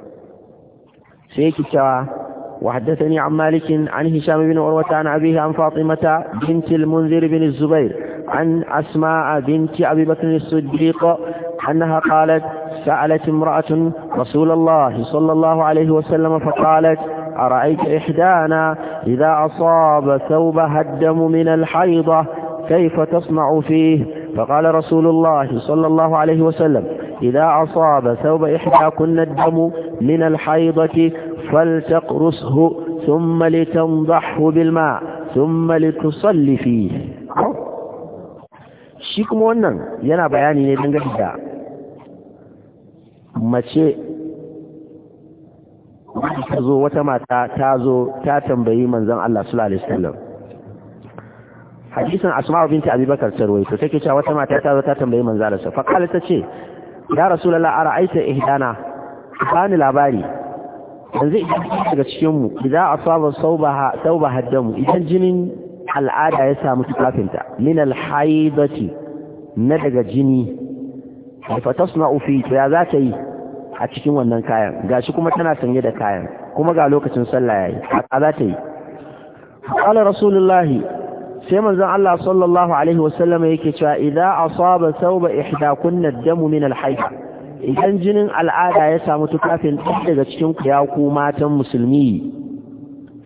sai yake cewa وحدثني عن مالك عن هشام بن عروة عن أبيه عن فاطمة بنت المنذر بن الزبير عن أسماء بنت أبي بكر الصديق أنها قالت سألت امرأة رسول الله صلى الله عليه وسلم فقالت أرأيت إحدانا إذا أصاب ثوبها الدم من الحيضة كيف تصنع فيه فقال رسول الله صلى الله عليه وسلم إذا أصاب ثوب إحداكن الدم من الحيضة فلتقرصه ثم لتنضحه بالماء ثم لتصلي فيه shi مؤنن ينا بياني bayani ne mace ta zo wata mata ta zo ta tambayi manzan Allah sallallahu alaihi wasallam hadisin asma'u binti abubakar sarwai to take cewa wata mata ta zo ta tambayi manzan Allah fa kala ta ce ya rasulullah ara'aita ihdana bani labari yanzu idan daga cikinmu mu a saba sauba haddamu idan jinin al'ada ya samu tufafinta min al na daga jini fa tasna'u fi to ya za ta yi a cikin wannan kayan gashi kuma tana sanye da kayan kuma ga lokacin sallah yayi a za ta yi qala rasulullahi sai manzon Allah sallallahu alaihi wasallam yake cewa idza asaba thawba ihdakunna ad-damu min al-hayy idan jinin al'ada ya samu tufafin ɗaya daga cikin ku ya ku matan musulmi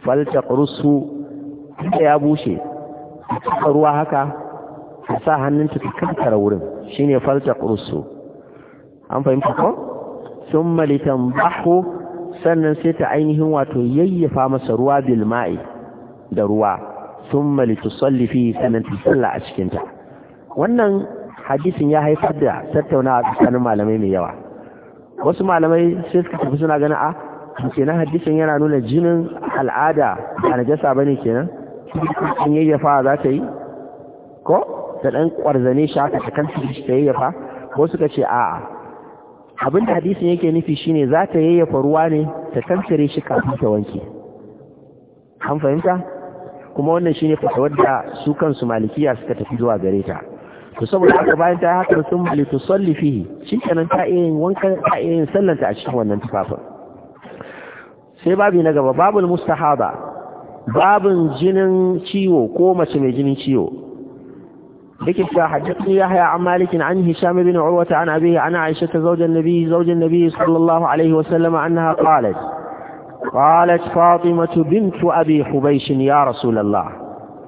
faltaqrusu ya bushe ruwa haka ta sa hannunta ta kankara wurin shine falta ƙursu an fahimta ko Sun malitan litanbahu sannan sai ta ainihin wato yayyafa masa ruwa bilma'i da ruwa sun litusalli tsallifi sannan ta tsalla a cikinta. wannan hadisin ya haifar da tattaunawa tsakanin malamai mai yawa wasu malamai sai suka tafi suna gani a ah, kenan hadisin yana nuna jinin al'ada a najasa bane kenan in yayyafa za ta yi ko da ɗan ƙwarzane shi aka ta kan shi ta yayyafa ko suka ce a'a abin da hadisin yake nufi shine za ta yayyafa ruwa ne ta kankare shi kafin ta wanke an fahimta kuma wannan shine fatawar da su kansu malikiya suka tafi zuwa gare ta to saboda haka bayan ta haka sun bali to salli fihi shikenan ta iya wankan ta iya sallanta a cikin wannan tufafin sai babi na gaba babul mustahaba babin jinin ciwo ko mace mai jinin ciwo لكن فاحدث يحيى عن مالك عن هشام بن عروة عن أبيه عن عائشة زوج النبي زوج النبي صلى الله عليه وسلم أنها قالت قالت فاطمة بنت أبي حبيش يا رسول الله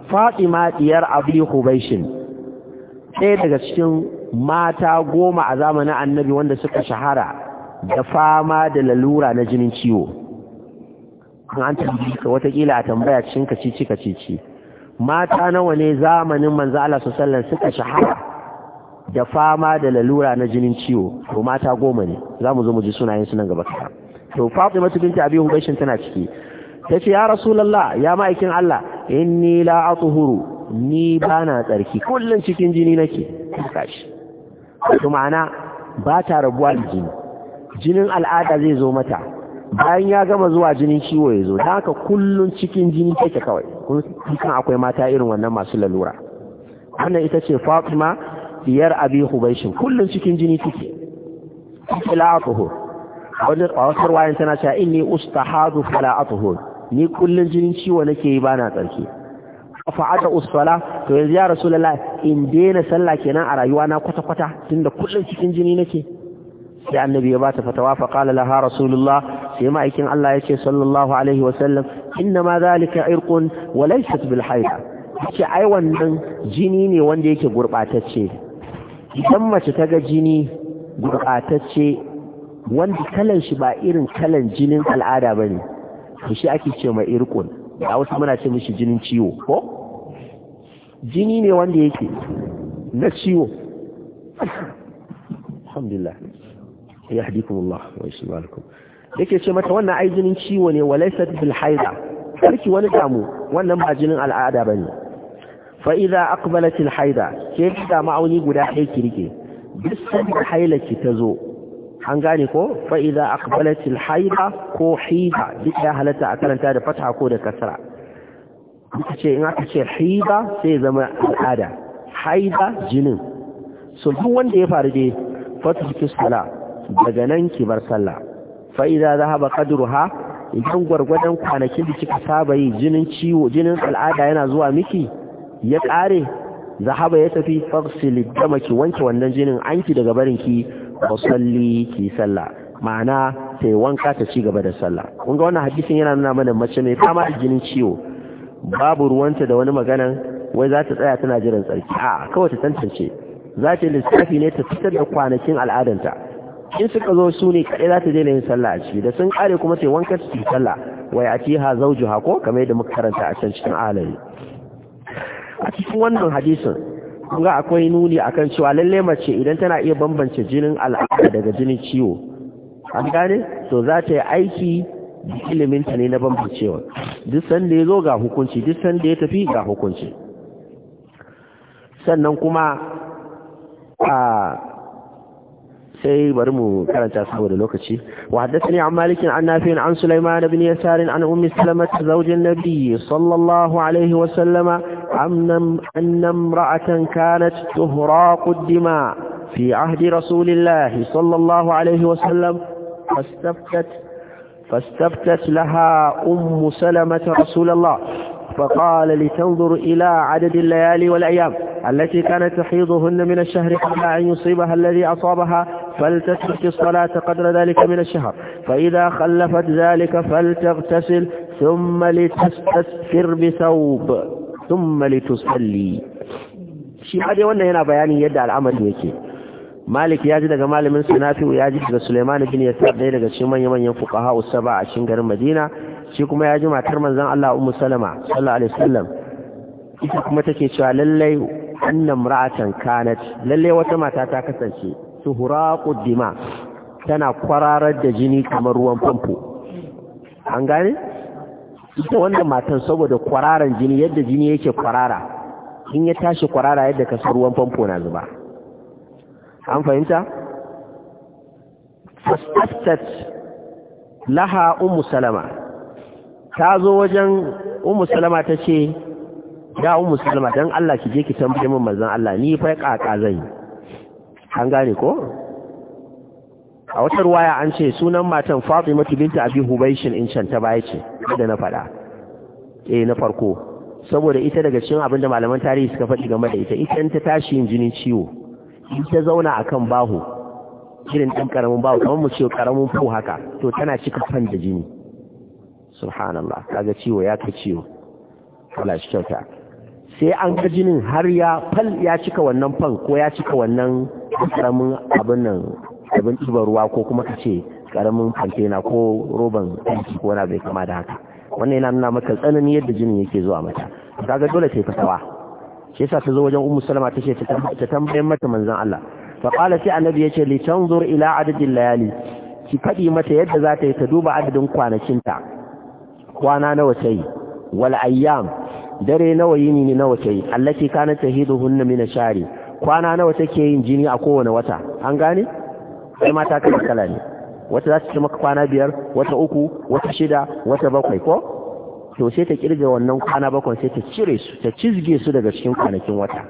فاطمة يا أبي حبيش إذا إيه قشتم ما تاقو عزامنا عن النبي وانده سكة شهارة دفاما دلالورة نجنين شيو عن تنبيك وتقيل أتنبيك شنك شيشي كشيشي mata nawa ne zamanin manzo Allah sallallahu suka shahara da fama da lalura na jinin ciwo to mata goma ne zamu zo mu ji sunayen su nan gaba to Fatima binti Abi Hubaishin tana ciki tace ya rasulullah ya ma'aikin Allah inni la atuhuru ni bana tsarki kullun cikin jini nake kashi to ma'ana ba ta rabuwa da jini jinin al'ada zai zo mata bayan ya gama zuwa jinin ciwo ya zo da haka kullun cikin jini take kawai kun akwai mata irin wannan masu lalura wannan ita ce fatima diyar abi hubaishin kullum cikin jini take ila atuhur a wasu ruwayan tana cewa inni ustahadu fala atuhur ni kullum jinin ciwo nake yi bana tsarki fa'ada usala to yanzu ya rasulullah in daina sallah kenan a rayuwa na kwata kwata tunda kullum cikin jini nake sai annabi ya bata fatawa fa qala laha rasulullah sai ma'aikin Allah yace sallallahu alaihi wa sallam ma zalika irqun wa laysat bil hayd shi ai wannan jini ne wanda yake gurbatacce idan mace ta ga jini gurbatacce wanda kalan shi ba irin kalan jinin al'ada bane to shi ake ce mai irqun a wasu muna ce mishi jinin ciwo ko jini ne wanda yake na ciwo alhamdulillah yahdikumullah wa yashfi yake ce mata wannan ai jinin ciwo ne walaysat bil haida wani damu wannan ba jinin al'ada bane fa idza aqbalat al haida ke da ma'auni guda ɗaya ki rike duk hailaki ta zo an gane ko fa idza haida ko hida duk ya halatta a karanta da fatha ko da kasra aka ce in aka ce haida sai zama al'ada haida jinin so duk wanda ya faru dai fatu sala daga nan ki bar sallah fa'iza za haɓa ƙadurha idan gwargwadon kwanakin da kika saba yi jinin ciwo jinin al'ada yana zuwa miki ya ƙare za ya tafi faksili dama ki wanke wannan jinin anki daga barinki ba salli ki sallah ma'ana ta wanka ta ci gaba da sallah kun ga wannan hadisin yana nuna mana mace mai fama da jinin ciwo babu ruwanta da wani magana wai za ta tsaya tana jiran tsarki a kawai ta tantance za ta lissafi ne ta fitar da kwanakin al'adanta in suka zo su ne kaɗai za ta daina yin sallah a ciki da sun ƙare kuma sai wanka su yi sallah wai a ci ha zauju ha ko kamar yadda muka karanta a can cikin alayi a cikin wannan hadisin kun ga akwai nuni akan cewa lalle mace idan tana iya bambance jinin al'ada daga jinin ciwo an gane to za ta yi aiki ilimin ta ne na bambancewa duk sanda ya zo ga hukunci duk sanda ya tafi ga hukunci sannan kuma a sai bari mu karanta saboda lokaci wa haddathani an malik an nafi an sulaiman ibn yasar an ummi salama zawjin nabiy sallallahu alaihi wa sallama annam annam ra'atan kanat tuhraqu ad-dima fi ahdi rasulillah sallallahu alaihi wa sallam fastaftat فاستفتت لها أم سلمة رسول الله فقال لتنظر إلى عدد الليالي والأيام التي كانت تحيضهن من الشهر قبل أن يصيبها الذي أصابها فلتترك الصلاة قدر ذلك من الشهر فإذا خلفت ذلك فلتغتسل ثم لتستثر بثوب ثم لتصلي شيء حد يقولنا هنا بياني يدع العمل ويكي مالك ياجد اغا مالي من سناتي وياجد اغا سليمان بن يساب نيل اغا شمان يمن ينفقها والسبع عشين غير مدينة شيكم يا جمع ترمن زن الله أم سلمة صلى الله عليه وسلم إذا كمتك يشوى للي أن امرأة كانت للي وتمتها تاكسا شيء Tuhura dima tana kwararar da jini kamar ruwan famfo an gane ita wannan matan saboda kwararar jini yadda jini yake kwarara in ya tashi kwarara yadda kasar ruwan famfo na zuba an fahimta fastastat laha ummu salama ta zo wajen ummu salama ta ce ya ummu salama dan Allah ki je ki tambaye min manzon Allah ni fa ƙaƙa zan yi an gane ko a wata ruwaya an ce sunan matan mafi binta abin Hubaishin in can ta baya ce da na faɗa e na farko saboda ita daga cikin abinda malaman tarihi suka faɗi game da ita ita ta tashi yin jinin ciwo in ta zauna akan baho irin ɗan ƙaramin baho kamar mu ce ƙaramin fu haka to tana cika fan da jini subhanallah kaga ciwo ya ka ciwo kala shi kyauta sai an ga jinin har ya fal ya cika wannan fan ko ya cika wannan karamin abin nan abin ɗiban ruwa ko kuma ka ce karamin fantena ko roban tanki ko wani bai kama da haka wannan yana nuna maka tsananin yadda jinin yake zuwa mata kaga dole yi fatawa shi yasa ta zo wajen ummu salama ta ce ta tambaye mata manzon Allah fa qala sai annabi yace li tanzur ila adadin layali ki faɗi mata yadda za ta yi ta duba adadin kwanakinta kwana nawa ta yi wal ayyam dare nawa yini ne nawa ta yi allati kanat tahiduhunna min ashari kwana nawa take yin jini a kowane wata an gane sai mata kala kala ne wata za ta ci maka kwana biyar wata uku wata shida wata bakwai ko to sai ta kirga wannan kwana bakwai sai ta cire su ta cizge su daga cikin kwanakin wata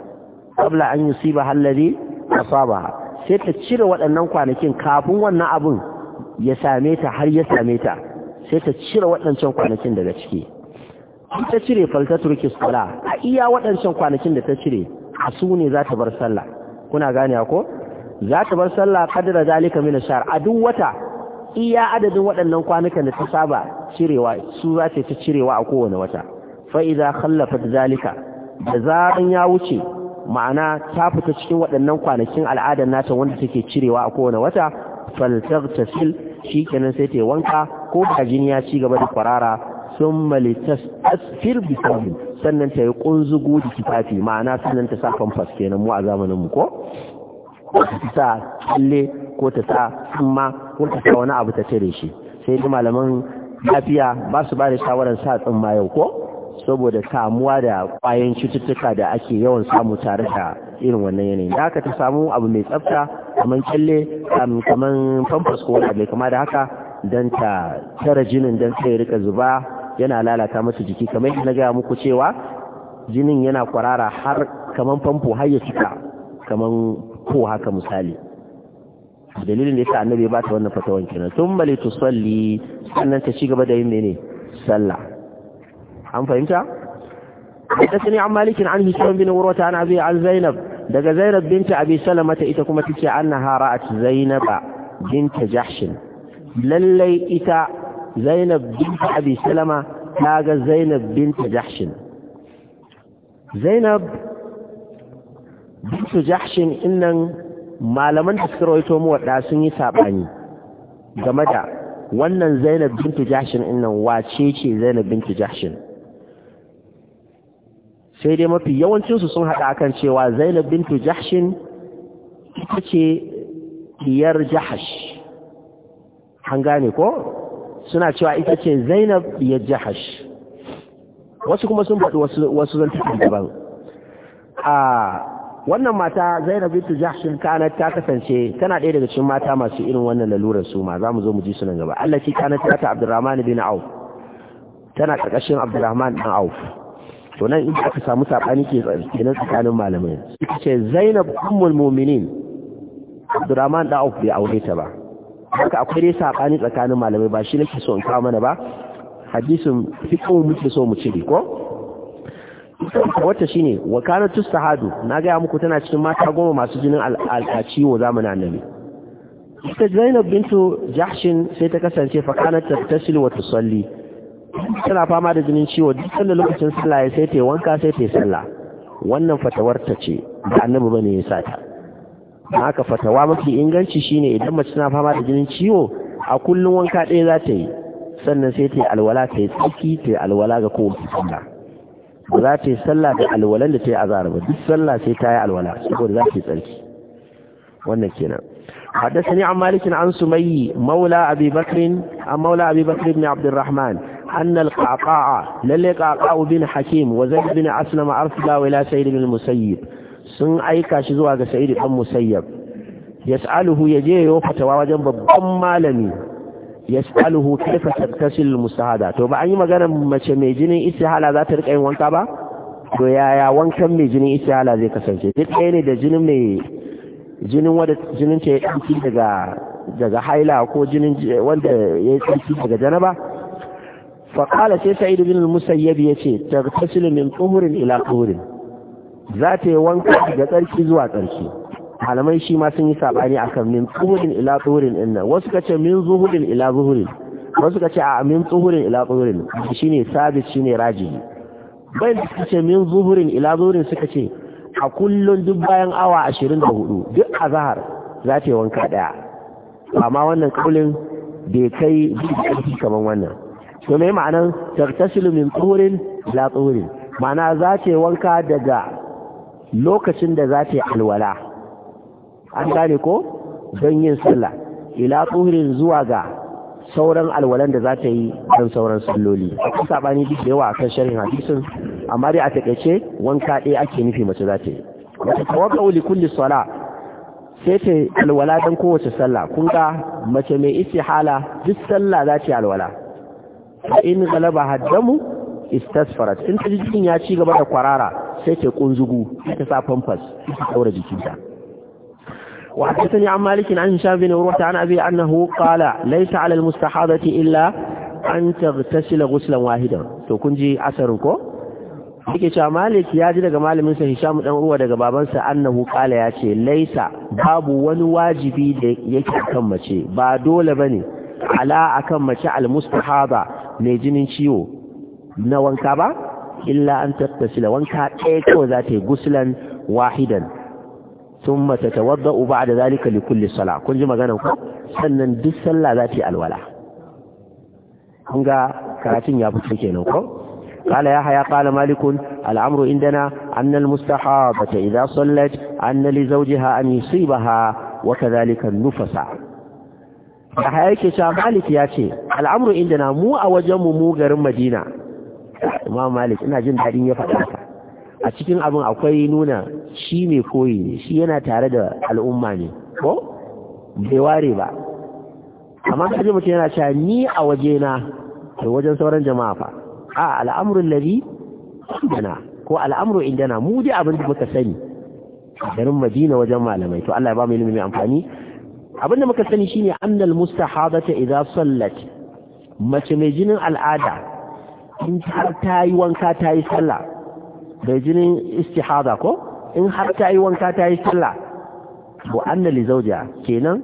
qabla an yusiba allazi asaba sai ta cire waɗannan kwanakin kafin wannan abun ya same ta har ya same ta sai ta cire waɗancan kwanakin daga ciki ta cire falta turki sala a iya waɗancan kwanakin da ta cire asu ne za ta bar sallah kuna gane ko za ta bar sallah kadara dalika min ashar a duk wata iya adadin waɗannan kwanukan da ta saba cirewa su za ta cirewa a kowane wata fa idza khallafat zalika da zaran ya wuce ma'ana ta fita cikin waɗannan kwanakin al'adar nata wanda take cirewa a kowane wata shi shikenan sai ta wanka ko da jini ya ci gaba da kwarara sun malitas asfir sannan ta yi ƙunzugu da kitafi ma'ana sannan ta sa famfas kenan mu a zamaninmu ko ta sa ko ta sa amma ko ta sa wani abu ta tare shi sai da malaman lafiya ba su ba da shawarar sa tsumma yau ko saboda kamuwa da kwayan cututtuka da ake yawan samu tare da irin wannan yanayin da haka ta samu abu mai tsafta kamar kyalle kamar famfas ko wani abu kama da haka don ta tara jinin don sai rika zuba yana lalata masa jiki kamar yadda na gaya muku cewa jinin yana kwarara har kamar famfo har ya cika kamar ko haka misali dalilin da yasa annabi ya bata wannan fatawan kenan sun bale tu salli sannan ta ci gaba da yin mene sallah an fahimta حدثني عن مالك عن هشام بن Zainab عن أبي عن زينب ita زينب بنت أبي سلمة إتكم hara أنها رأت زينب بنت جحش للي إتا zainab بنت abi salama ta ga zainab binta jahshin zainab binta jahshin innan malaman da suka mu wadda sun yi saɓani. game da wannan zainab binta jahshin innan wace ce zainab binta jahshin sai dai mafi yawancinsu sun haɗa kan cewa zainab bintu jahshin ita ce diyar jahash an gane ko suna cewa ita ce zainab ya jahash wasu kuma sun faɗi wasu tafi daban a wannan mata zainab bintu jahshin kana ta kasance tana ɗaya daga cikin mata masu irin wannan lalurar su ma za mu zo mu ji sunan gaba Allah ce kana ta abdurrahman bin auf tana ƙarƙashin abdurrahman bin auf to nan in aka samu sabani ke kenan tsakanin malamai ita ce zainab ummul mu'minin abdurrahman da auf bai aure ta ba haka akwai dai sabani tsakanin malamai ba shi ke so in kawo mana ba hadisin fiqhu muke so mu cire ko wata shine wakalatu sahadu na gaya muku tana cikin mata goma masu jinin al'aci wa zamanin annabi ita Zainab bintu Jahshin sai ta kasance fa ta tattasil wa tusalli tana fama da jinin ciwo duk sanda lokacin sallah sai ta wanka sai ta sallah wannan fatawar ta ce da annabi bane ya sata don haka fatawa mafi inganci shine idan mace tana fama da jinin ciwo a kullum wanka ɗaya za ta yi sannan sai ta yi alwala ta yi tsaki ta yi alwala ga kowace sallah ba za ta yi sallah da alwalan da ta yi azhar ba duk sallah sai ta yi alwala saboda za ta yi tsarki wannan kenan حدثني عن مالك عن سمي مولى أبي بكر عن مولى أبي بكر بن عبد الرحمن hakim, القعقاع للقعقاع بن حكيم وزيد بن أسلم أرسل إلى سيد بن المسيب sun aika shi zuwa ga sa'idu dan musayyab ya ya yayo fatawa wajen babban malami Ya tsaluhu kaifa tattasil musahada to ba an yi magana mace mai jinin istihala za ta rika yin wanka ba to yaya wankan mai jinin istihala zai kasance duk ɗaya ne da jinin mai jinin wanda jinin ta ya yi daga daga haila ko jinin wanda ya tsarki daga janaba فقال سيد بن المسيب يتي tattasil min طهر ila طهر za ta yi wanka daga tsarki zuwa tsarki malamai shi ma sun yi sabani kan min tsuhurin ila tsuhurin din nan wasu kace min zuhurin ila zuhurin wasu kace a min tsuhurin ila tsuhurin shi ne sabis, shi ne rajihi da suka ce min zuhurin ila zuhurin suka ce a kullum duk bayan awa ashirin da hudu duk zahar za ta yi wanka daya amma wannan kaulin bai kai duk kaman wannan to me ma'anan tartasilu min tsuhurin ila tsuhurin ma'ana za ta yi wanka daga lokacin da za ta yi alwala an gane ko don yin sallah ila tsuhirin zuwa ga sauran alwalan da za ta yi don sauran salloli akwai sabani duk da yawa a kan sharhin hadisin amma dai a takaice wanka ɗaya ake nufi mace za ta yi mace waka wuli kulli sala sai ta alwala don kowace sallah kun ga mace mai hala duk sallah za ta yi alwala in galaba haddamu istasfarat in ta jikin ya ci gaba da kwarara sai ta kunzugu ta sa famfas ta daura jikinta an عن مالك عن هشام بن عروة عن أبي أنه قال ليس على المستحاضة إلا أن تغتسل غسلا wahidan, to kun ji asarin ko yake cewa malik ya ji daga malamin sa hisham dan uwa daga babansa annahu qala ya ce laisa babu wani wajibi da yake kan mace ba dole bane ala akan mace al almustahaba mai jinin ciwo na wanka ba illa an tattasila wanka ɗaya kawai za ta yi gusulan wahidan sun mace ta wadda uba da zalika li kulli sala kun ji maganan ku sannan duk sallah za ta yi alwala kun ga karatun ya fito kenan ko قال يحيى قال مالك الأمر عندنا أن المستحاضة إذا صلت أن لزوجها أن يصيبها وكذلك النفس يحيى كشا مالك ياتي الأمر عندنا مو أوجم مو غير مدينة imam malik ina jin daɗin ya faɗa haka a cikin abin akwai nuna shi mai koyi ne shi yana tare da al'umma ne ko bai ware ba amma kaji mutum yana cewa ni a waje na da wajen sauran jama'a fa a al'amurin lari dana ko al'amuru indana mu dai abin da muka sani garin madina wajen malamai to Allah ya ba mu ilimi mai amfani abin da muka sani shine annal mustahadata idza sallat mace mai jinin al'ada in har ta yi wanka ta yi sallah da jinin istihada ko in har ta yi wanka ta yi sallah bu anna kenan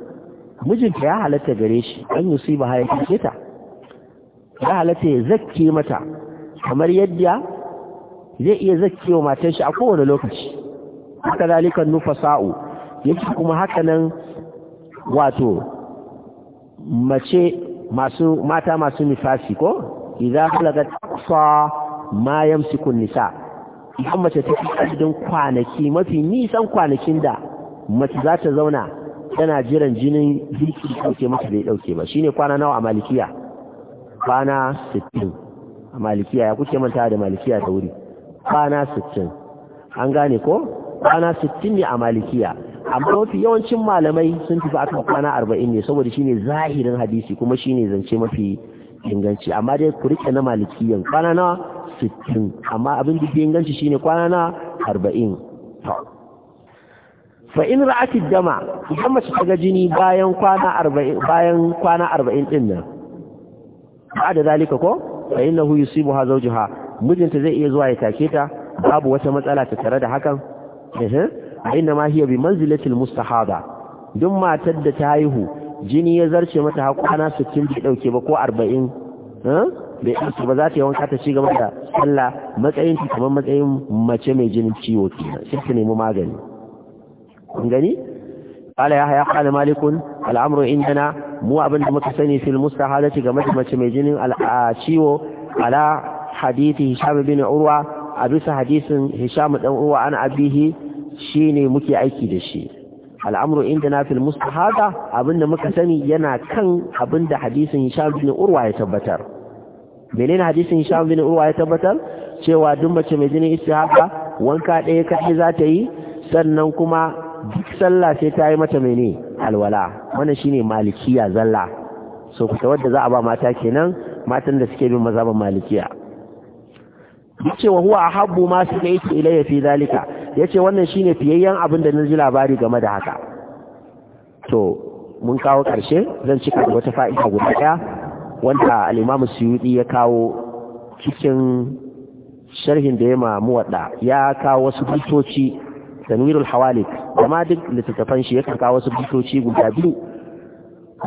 mijinta ya halatta gare shi an siba ha ya ta ya halatta ya zakke mata kamar yadda zai iya zakke wa matar shi a kowane lokaci haka zalika nufasa'u yake kuma haka nan wato mace masu mata masu nifasi ko idza halagat aqsa ma yamsiku nisa idan mace ta fi adadin kwanaki mafi nisan kwanakin da mace za ta zauna tana jiran jinin jiki ke mata bai dauke ba shine kwana nawa a malikiya kwana 60 a malikiya ya kuke manta da malikiya da wuri kwana 60 an gane ko kwana 60 ne a malikiya amma mafi yawancin malamai sun tafi akan kwana 40 ne saboda shine zahirin hadisi kuma shine zance mafi inganci amma dai ku rike na malikiyan kwana na 60 amma abin da inganci shine kwana na 40 fa in ra'ati dama idan mace ta ga jini bayan kwana 40 bayan kwana 40 din nan ba da zalika ko fa innahu ha zawjaha mijinta zai iya zuwa ya take ta babu wata matsala ta tare da hakan eh eh inna ma hiya bi manzilatil mustahada duk matar da ta haihu jini ya zarce mata har kwana 60 bai ɗauke ba ko 40 eh? bai dauke ba za ta yi wanka ta ci gaba da sallah matsayin ta kamar matsayin mace mai jinin ciwo kenan sai ta nemi magani kun gani Ya يحيى قال مالك inda na. mu abin da muka sani fil mustahadati game da mace mai jinin ciwo ala hadithi Hisham bin Urwa a bisa hadisin Hisham dan Urwa an abihi shine muke aiki da shi al'amru na fil mustahada abinda muka sani yana kan abinda hadisin Hisham bin Urwa ya tabbatar menene hadisin Hisham bin Urwa ya tabbatar cewa duk mace mai jinin istihada wanka ɗaya kaɗai za ta yi sannan kuma duk sallah sai ta yi mata mene alwala wannan shine malikiya zalla so kuta wadda za a ba mata kenan matan da suke bin mazhaban malikiya duk cewa huwa ahabbu ma suka yi ilayya fi zalika ya ce wannan shi ne fiyayyen abin da na ji labari game da haka to mun kawo ƙarshe zan cika da wata fa'ida guda ɗaya wanda al'imamu suyuɗi ya kawo cikin sharhin da ya mamu waɗa ya kawo wasu bitoci nwirul hawali amma duk littattafan shi ya kawo wasu bitoci guda biyu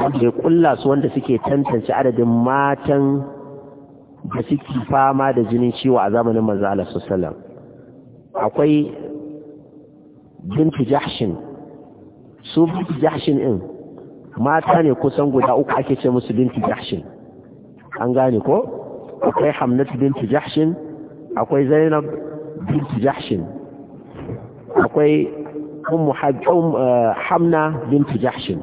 wanda ya kulla su wanda suke tantance adadin matan da suke fama da jinin ciwo a zamanin manzo Allah akwai bintu jahshin su bintu jahshin din mata ne kusan guda uku ake ce musu bintu jahshin an gane ko akwai hamnat bintu jahshin akwai zainab bintu jahshin akwai ummu um, uh, hamna bintu jahshin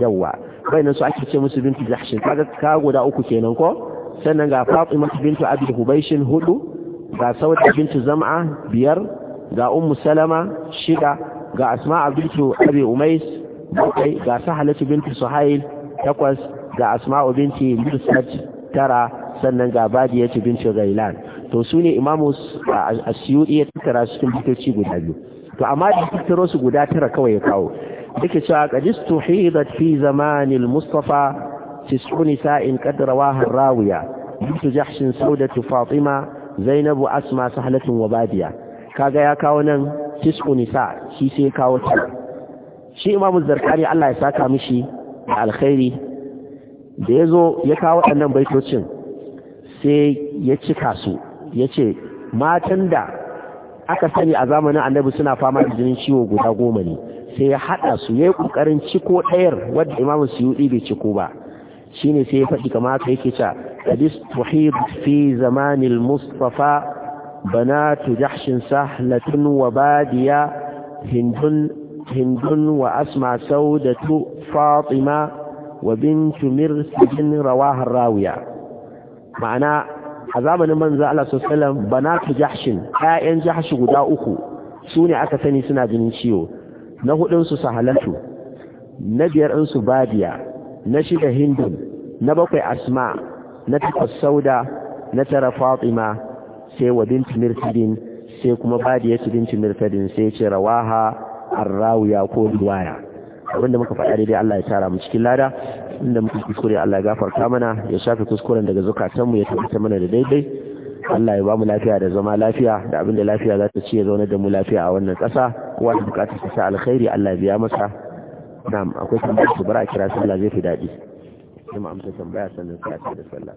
yawa bayan su ake ce musu bintu jahshin kaga ka guda uku kenan ko sannan ga fatima bintu abi hubaishin hudu ga sauda bintu zam'a biyar ga ummu salama shida ga asma'a bintu abi umais bakwai ga sahalatu bintu suhail takwas ga asma'u binti Mursad tara sannan ga badiyatu bintu ghailan to sune ne imamu asyuti ya tattara su cikin bitoci guda biyu to amma da tattaro su guda tara kawai ya kawo dake cewa qadistu hidat fi zamanil mustafa tisuni sa'in qadra wa harawiya bintu jahshin saudatu fatima zainabu asma wa wabadiya kaga ya kawo nan tis'u nisa shi sai ya kawo ta shi imamu zarkari Allah ya saka mishi da alkhairi da ya zo ya kawo waɗannan baitocin sai ya cika su ya ce matan da aka sani a zamanin annabi suna fama da jinin ciwo guda goma ne sai ya haɗa su ya yi ƙoƙarin ciko ɗayar wadda imamu suyuɗi bai ciko ba shine sai ya faɗi kama haka yake cewa hadis tuhid fi zamanil mustafa banatu jahshin sahlatun wa badiya hindun wa asma saudatu fatima wa bintu mirsidin rawaha rawiya ma'ana a zamanin manzo Allah sallallahu alaihi wasallam banatu jahshin guda uku sune aka sani suna jinin ciwo na hudun sahalatu na biyar ɗin na shida hindun na bakwai asma na takwas sauda na tara fatima sai wa binti mirtadin sai kuma ci binti mirtadin sai ya ce rawaha arrawiya ko riwaya abinda muka faɗa daidai Allah ya tara mu cikin lada inda muka kuskure Allah ya gafarta mana ya shafe kuskuren daga zukatanmu ya tabbata mana da daidai Allah ya ba mu lafiya da zama lafiya da abinda lafiya za ta ci ya zauna da mu lafiya a wannan kasa kowa da bukatar sa alkhairi Allah ya biya masa na'am akwai tambayar su bara kira sallah zai fi daɗi sai mu amsa tambaya sannan sai a da sallah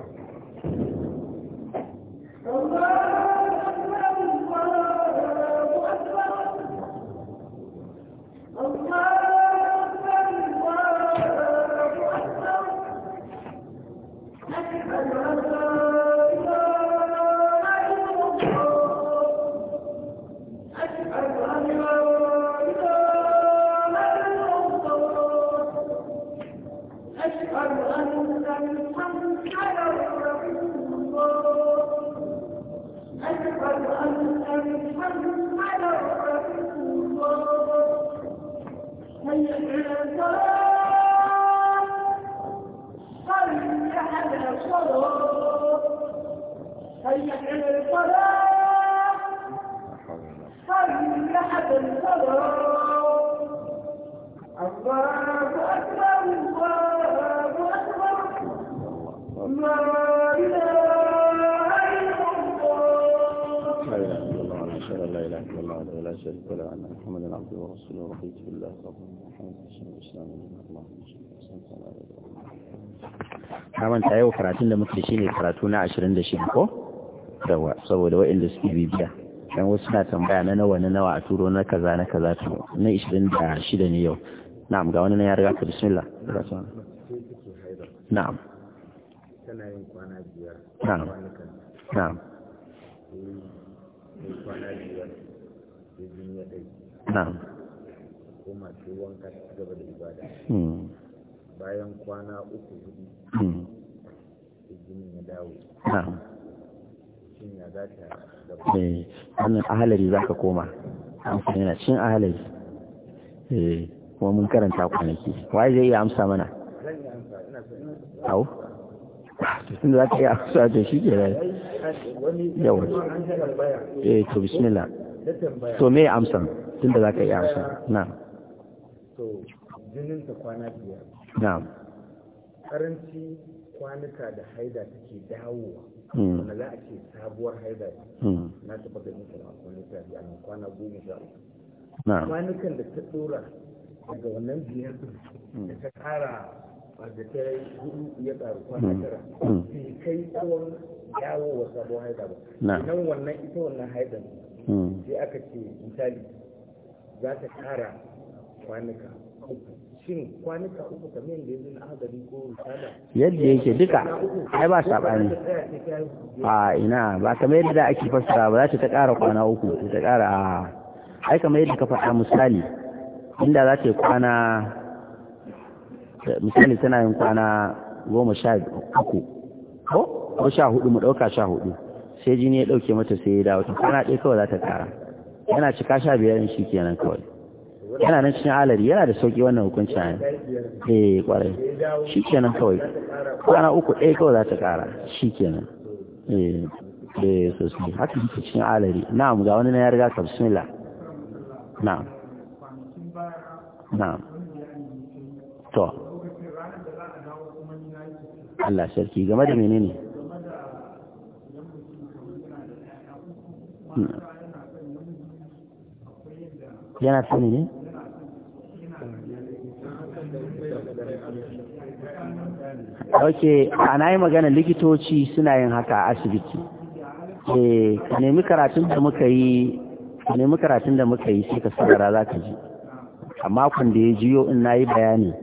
karatun da muke shi ne karatu na 26 ko yawa saboda waɗanda suke bibiya dan wasu na tambaya na nawa na nawa a turo na kaza na kaza to na 26 ne yau na'am ga wani na ya riga ka bismillah na'am tana yin kwana biyar na'am na'am kwana biyar na'am kuma ce wanka gaba da ibada hmm. bayan kwana uku hudu hmm. na'am eh wannan ahalari zaka koma amsa yana cin ahalari eh, kuma mun karanta kwanaki wai zai iya amsa mana tun za ka amsa da shi ke rai eh to bismillah to me amsa tun da za ka iya amsa eh, na to jininta kwana biyar na kwanuka da haida take dawowa hmm. wanda za a ce sabuwar haida hmm. na tabbatar da kuma kwanuka da nan kwana goma sha uku kwanukan da ta tsora daga wannan biyar hmm. da ta kara da ta hudu ya karu kwana tara bai kai tsawon dawowar sabuwar haida ba nan wannan ita wannan haidan sai aka ce misali za ta kara kwanuka uku shin kwanuka uku kamar yadda yanzu na agari ko rusala yadda yake duka ai ba saɓani a ina ba kamar yadda da ake fassara ba za ta ƙara kwana uku ta ƙara a ai kamar yadda ka faɗa misali inda za ta yi kwana misali tana yin kwana goma sha uku ko ko sha hudu mu ɗauka sha hudu sai jini ya ɗauke mata sai ya dawo ta kwana ɗaya kawai za ta ƙara yana cika sha biyar shi kenan kawai yana nan cikin alari yana da sauki wannan hukuncin ayin eh kwarai shi kenan kawai kwana uku ɗaya kawai za ta ƙara shi kenan eh eh sosai haka yi cikin alari na'am ga wani na ya riga ka bismillah na'am na'am to Allah sarki game da menene hmm. yana sani ne ok ana yi magana likitoci suna yin haka a asibiti eh nemi karatun da muka yi ka nemi karatun da muka yi sai ka saurara za ka ji a makon da ya jiyo in na yi bayani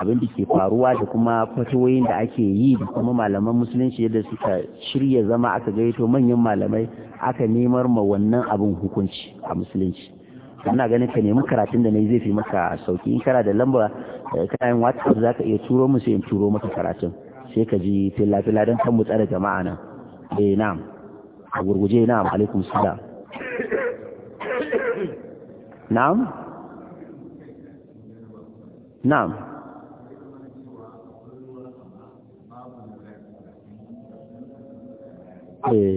abin da ke faruwa da kuma fatoyin da ake yi da kuma malaman musulunci yadda suka shirya zama aka gaito manyan malamai aka nemar ma wannan abin hukunci a musulunci ina ganin ka nemi karatun da ne zai fi maka sauki in kana da lamba eh, kana yin WhatsApp zaka iya turo mu sai in turo maka karatun sai ka ji filla filla dan kan mu tsare jama'a nan eh na'am a gurguje na'am alaikum salam na'am na'am eh,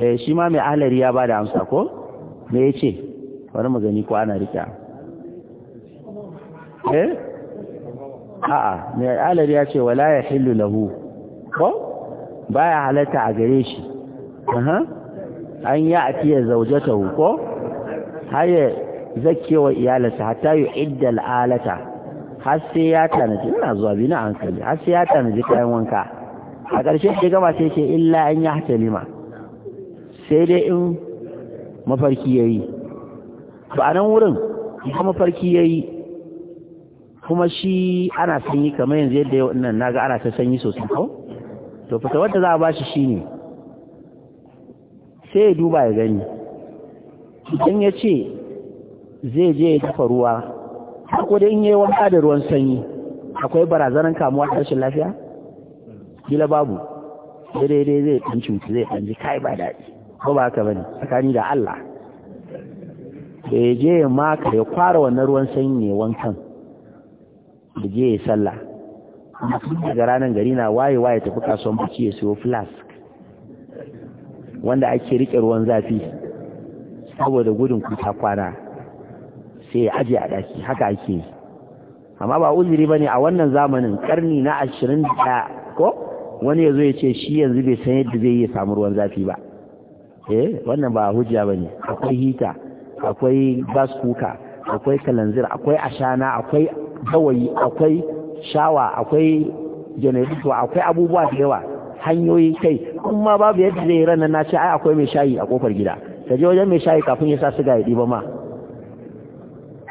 eh shi ma mai ahalari ya ba da amsa ko me ya ce wani magani ko ana rika eh a'a mai alari ya ce wala ya hillu lahu ko baya halatta a gare shi aha an ya atiya zaujatahu ko haye wa iyalarsa hatta idda al'alata har sai ya tanaji ina zuwa bi na hankali har sai ya tanaji kayan wanka a ƙarshe sai gama sai ce illa an ya hatalima sai dai in mafarki yayi to a nan wurin idan mafarki ya yi kuma shi ana sanyi kamar yanzu yadda yau na ga ana ta sanyi sosai ko to fita wadda za a ba shi shi ne sai ya duba ya gani idan ya ce zai je ya dafa ruwa ko da in yi wanka da ruwan sanyi akwai barazanar kamuwa da rashin lafiya gila babu daidai zai ɗan cutu zai ɗan ji kai ba daɗi ko ba haka bane tsakani da Allah da ya je maka ya kwara wannan ruwan sanyi ne wankan da je ya sallah daga ranar gari na waye waye tafi kasuwan buci ya siyo flask wanda ake rike ruwan zafi saboda gudun kuta kwana sai ya aje a daki haka ake yi amma ba uziri ba ne a wannan zamanin karni na ashirin da ko wani ya zo ya ce shi yanzu bai san yadda zai yi samu ruwan zafi ba eh wannan ba hujja ba ne akwai hita akwai gas kuka akwai kalanzir akwai ashana akwai gawayi akwai shawa akwai janareto akwai abubuwa da yawa hanyoyi kai kuma babu yadda zai rana na ce ai akwai mai shayi a kofar gida ta je wajen mai shayi kafin ya sa siga ya ɗiba ma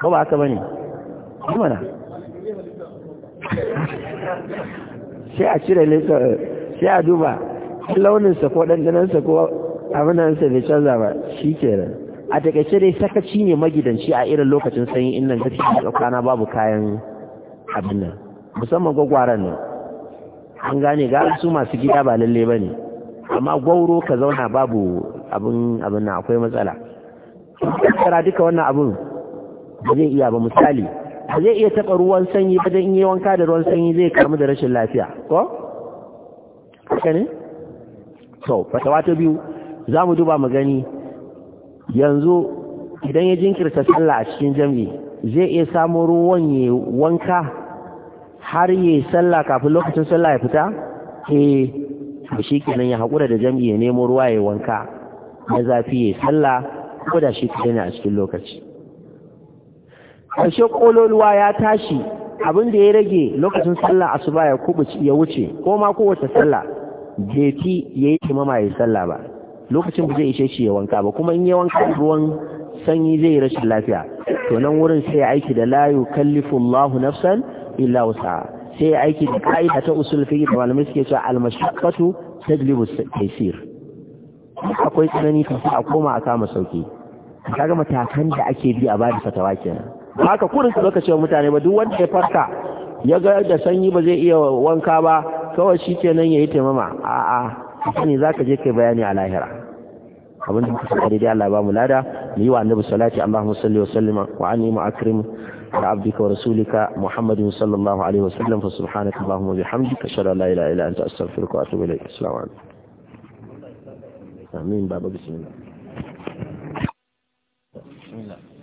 ba ba haka bane mana sai a cire sai a duba launinsa ko ɗanɗanansa ko abinansa bai canza ba shi kenan a takaice dai sakaci ne magidanci a irin lokacin sanyi inda nan gaskiya da kwana babu kayan abin nan musamman gwagwaran nan an gane ga su masu gida ba lalle ba ne amma gwauro ka zauna babu abin abin nan akwai matsala kara duka wannan abin ba zai iya ba misali ba zai iya taɓa ruwan sanyi ba dan yi wanka da ruwan sanyi zai kamu da rashin lafiya ko haka ne to fatawa ta biyu za mu duba mu gani yanzu idan ya jinkirta sallah a cikin jam'i zai iya samu ruwan ya wanka har ya sallah kafin lokacin sallah ya fita eh to kenan ya haƙura da jam'i ya nemo ruwa ya wanka na zafi ya sallah ko da shi kadai ne a cikin lokaci ƙarshe ƙololuwa ya tashi abin da ya rage lokacin sallah asuba ya kubuci ya wuce ko ma kowace sallah bai ya yi imama ya yi sallah ba lokacin ba zai ishe shi ya wanka ba kuma in ya wanka ruwan sanyi zai yi rashin lafiya to nan wurin sai aiki da layu yukallifu Allahu nafsan illa wasa, sai aiki da ka'ida ta usul da malamai suke cewa al-mashaqqatu tajlibu taysir akwai tsanani ta sa a koma a kama sauki kaga matakan da ake bi a bada fatawa kenan haka kurin su lokaci cewa mutane ba duk wanda ya farka ya ga da sanyi ba zai iya wanka ba kawai shi kenan yayi taimama a'a ne za ka je kai bayani a lahira abin da kusa kare dai Allah ba mu lada mu yi wa annabi salati Allahumma salli wa sallima wa anni mu akrim da abdika wa rasulika Muhammadin sallallahu alaihi wa sallam fa subhanaka Allahumma bihamdika ashhadu an la ilaha illa anta astaghfiruka wa atubu ilayk assalamu alaikum amin baba bismillah bismillah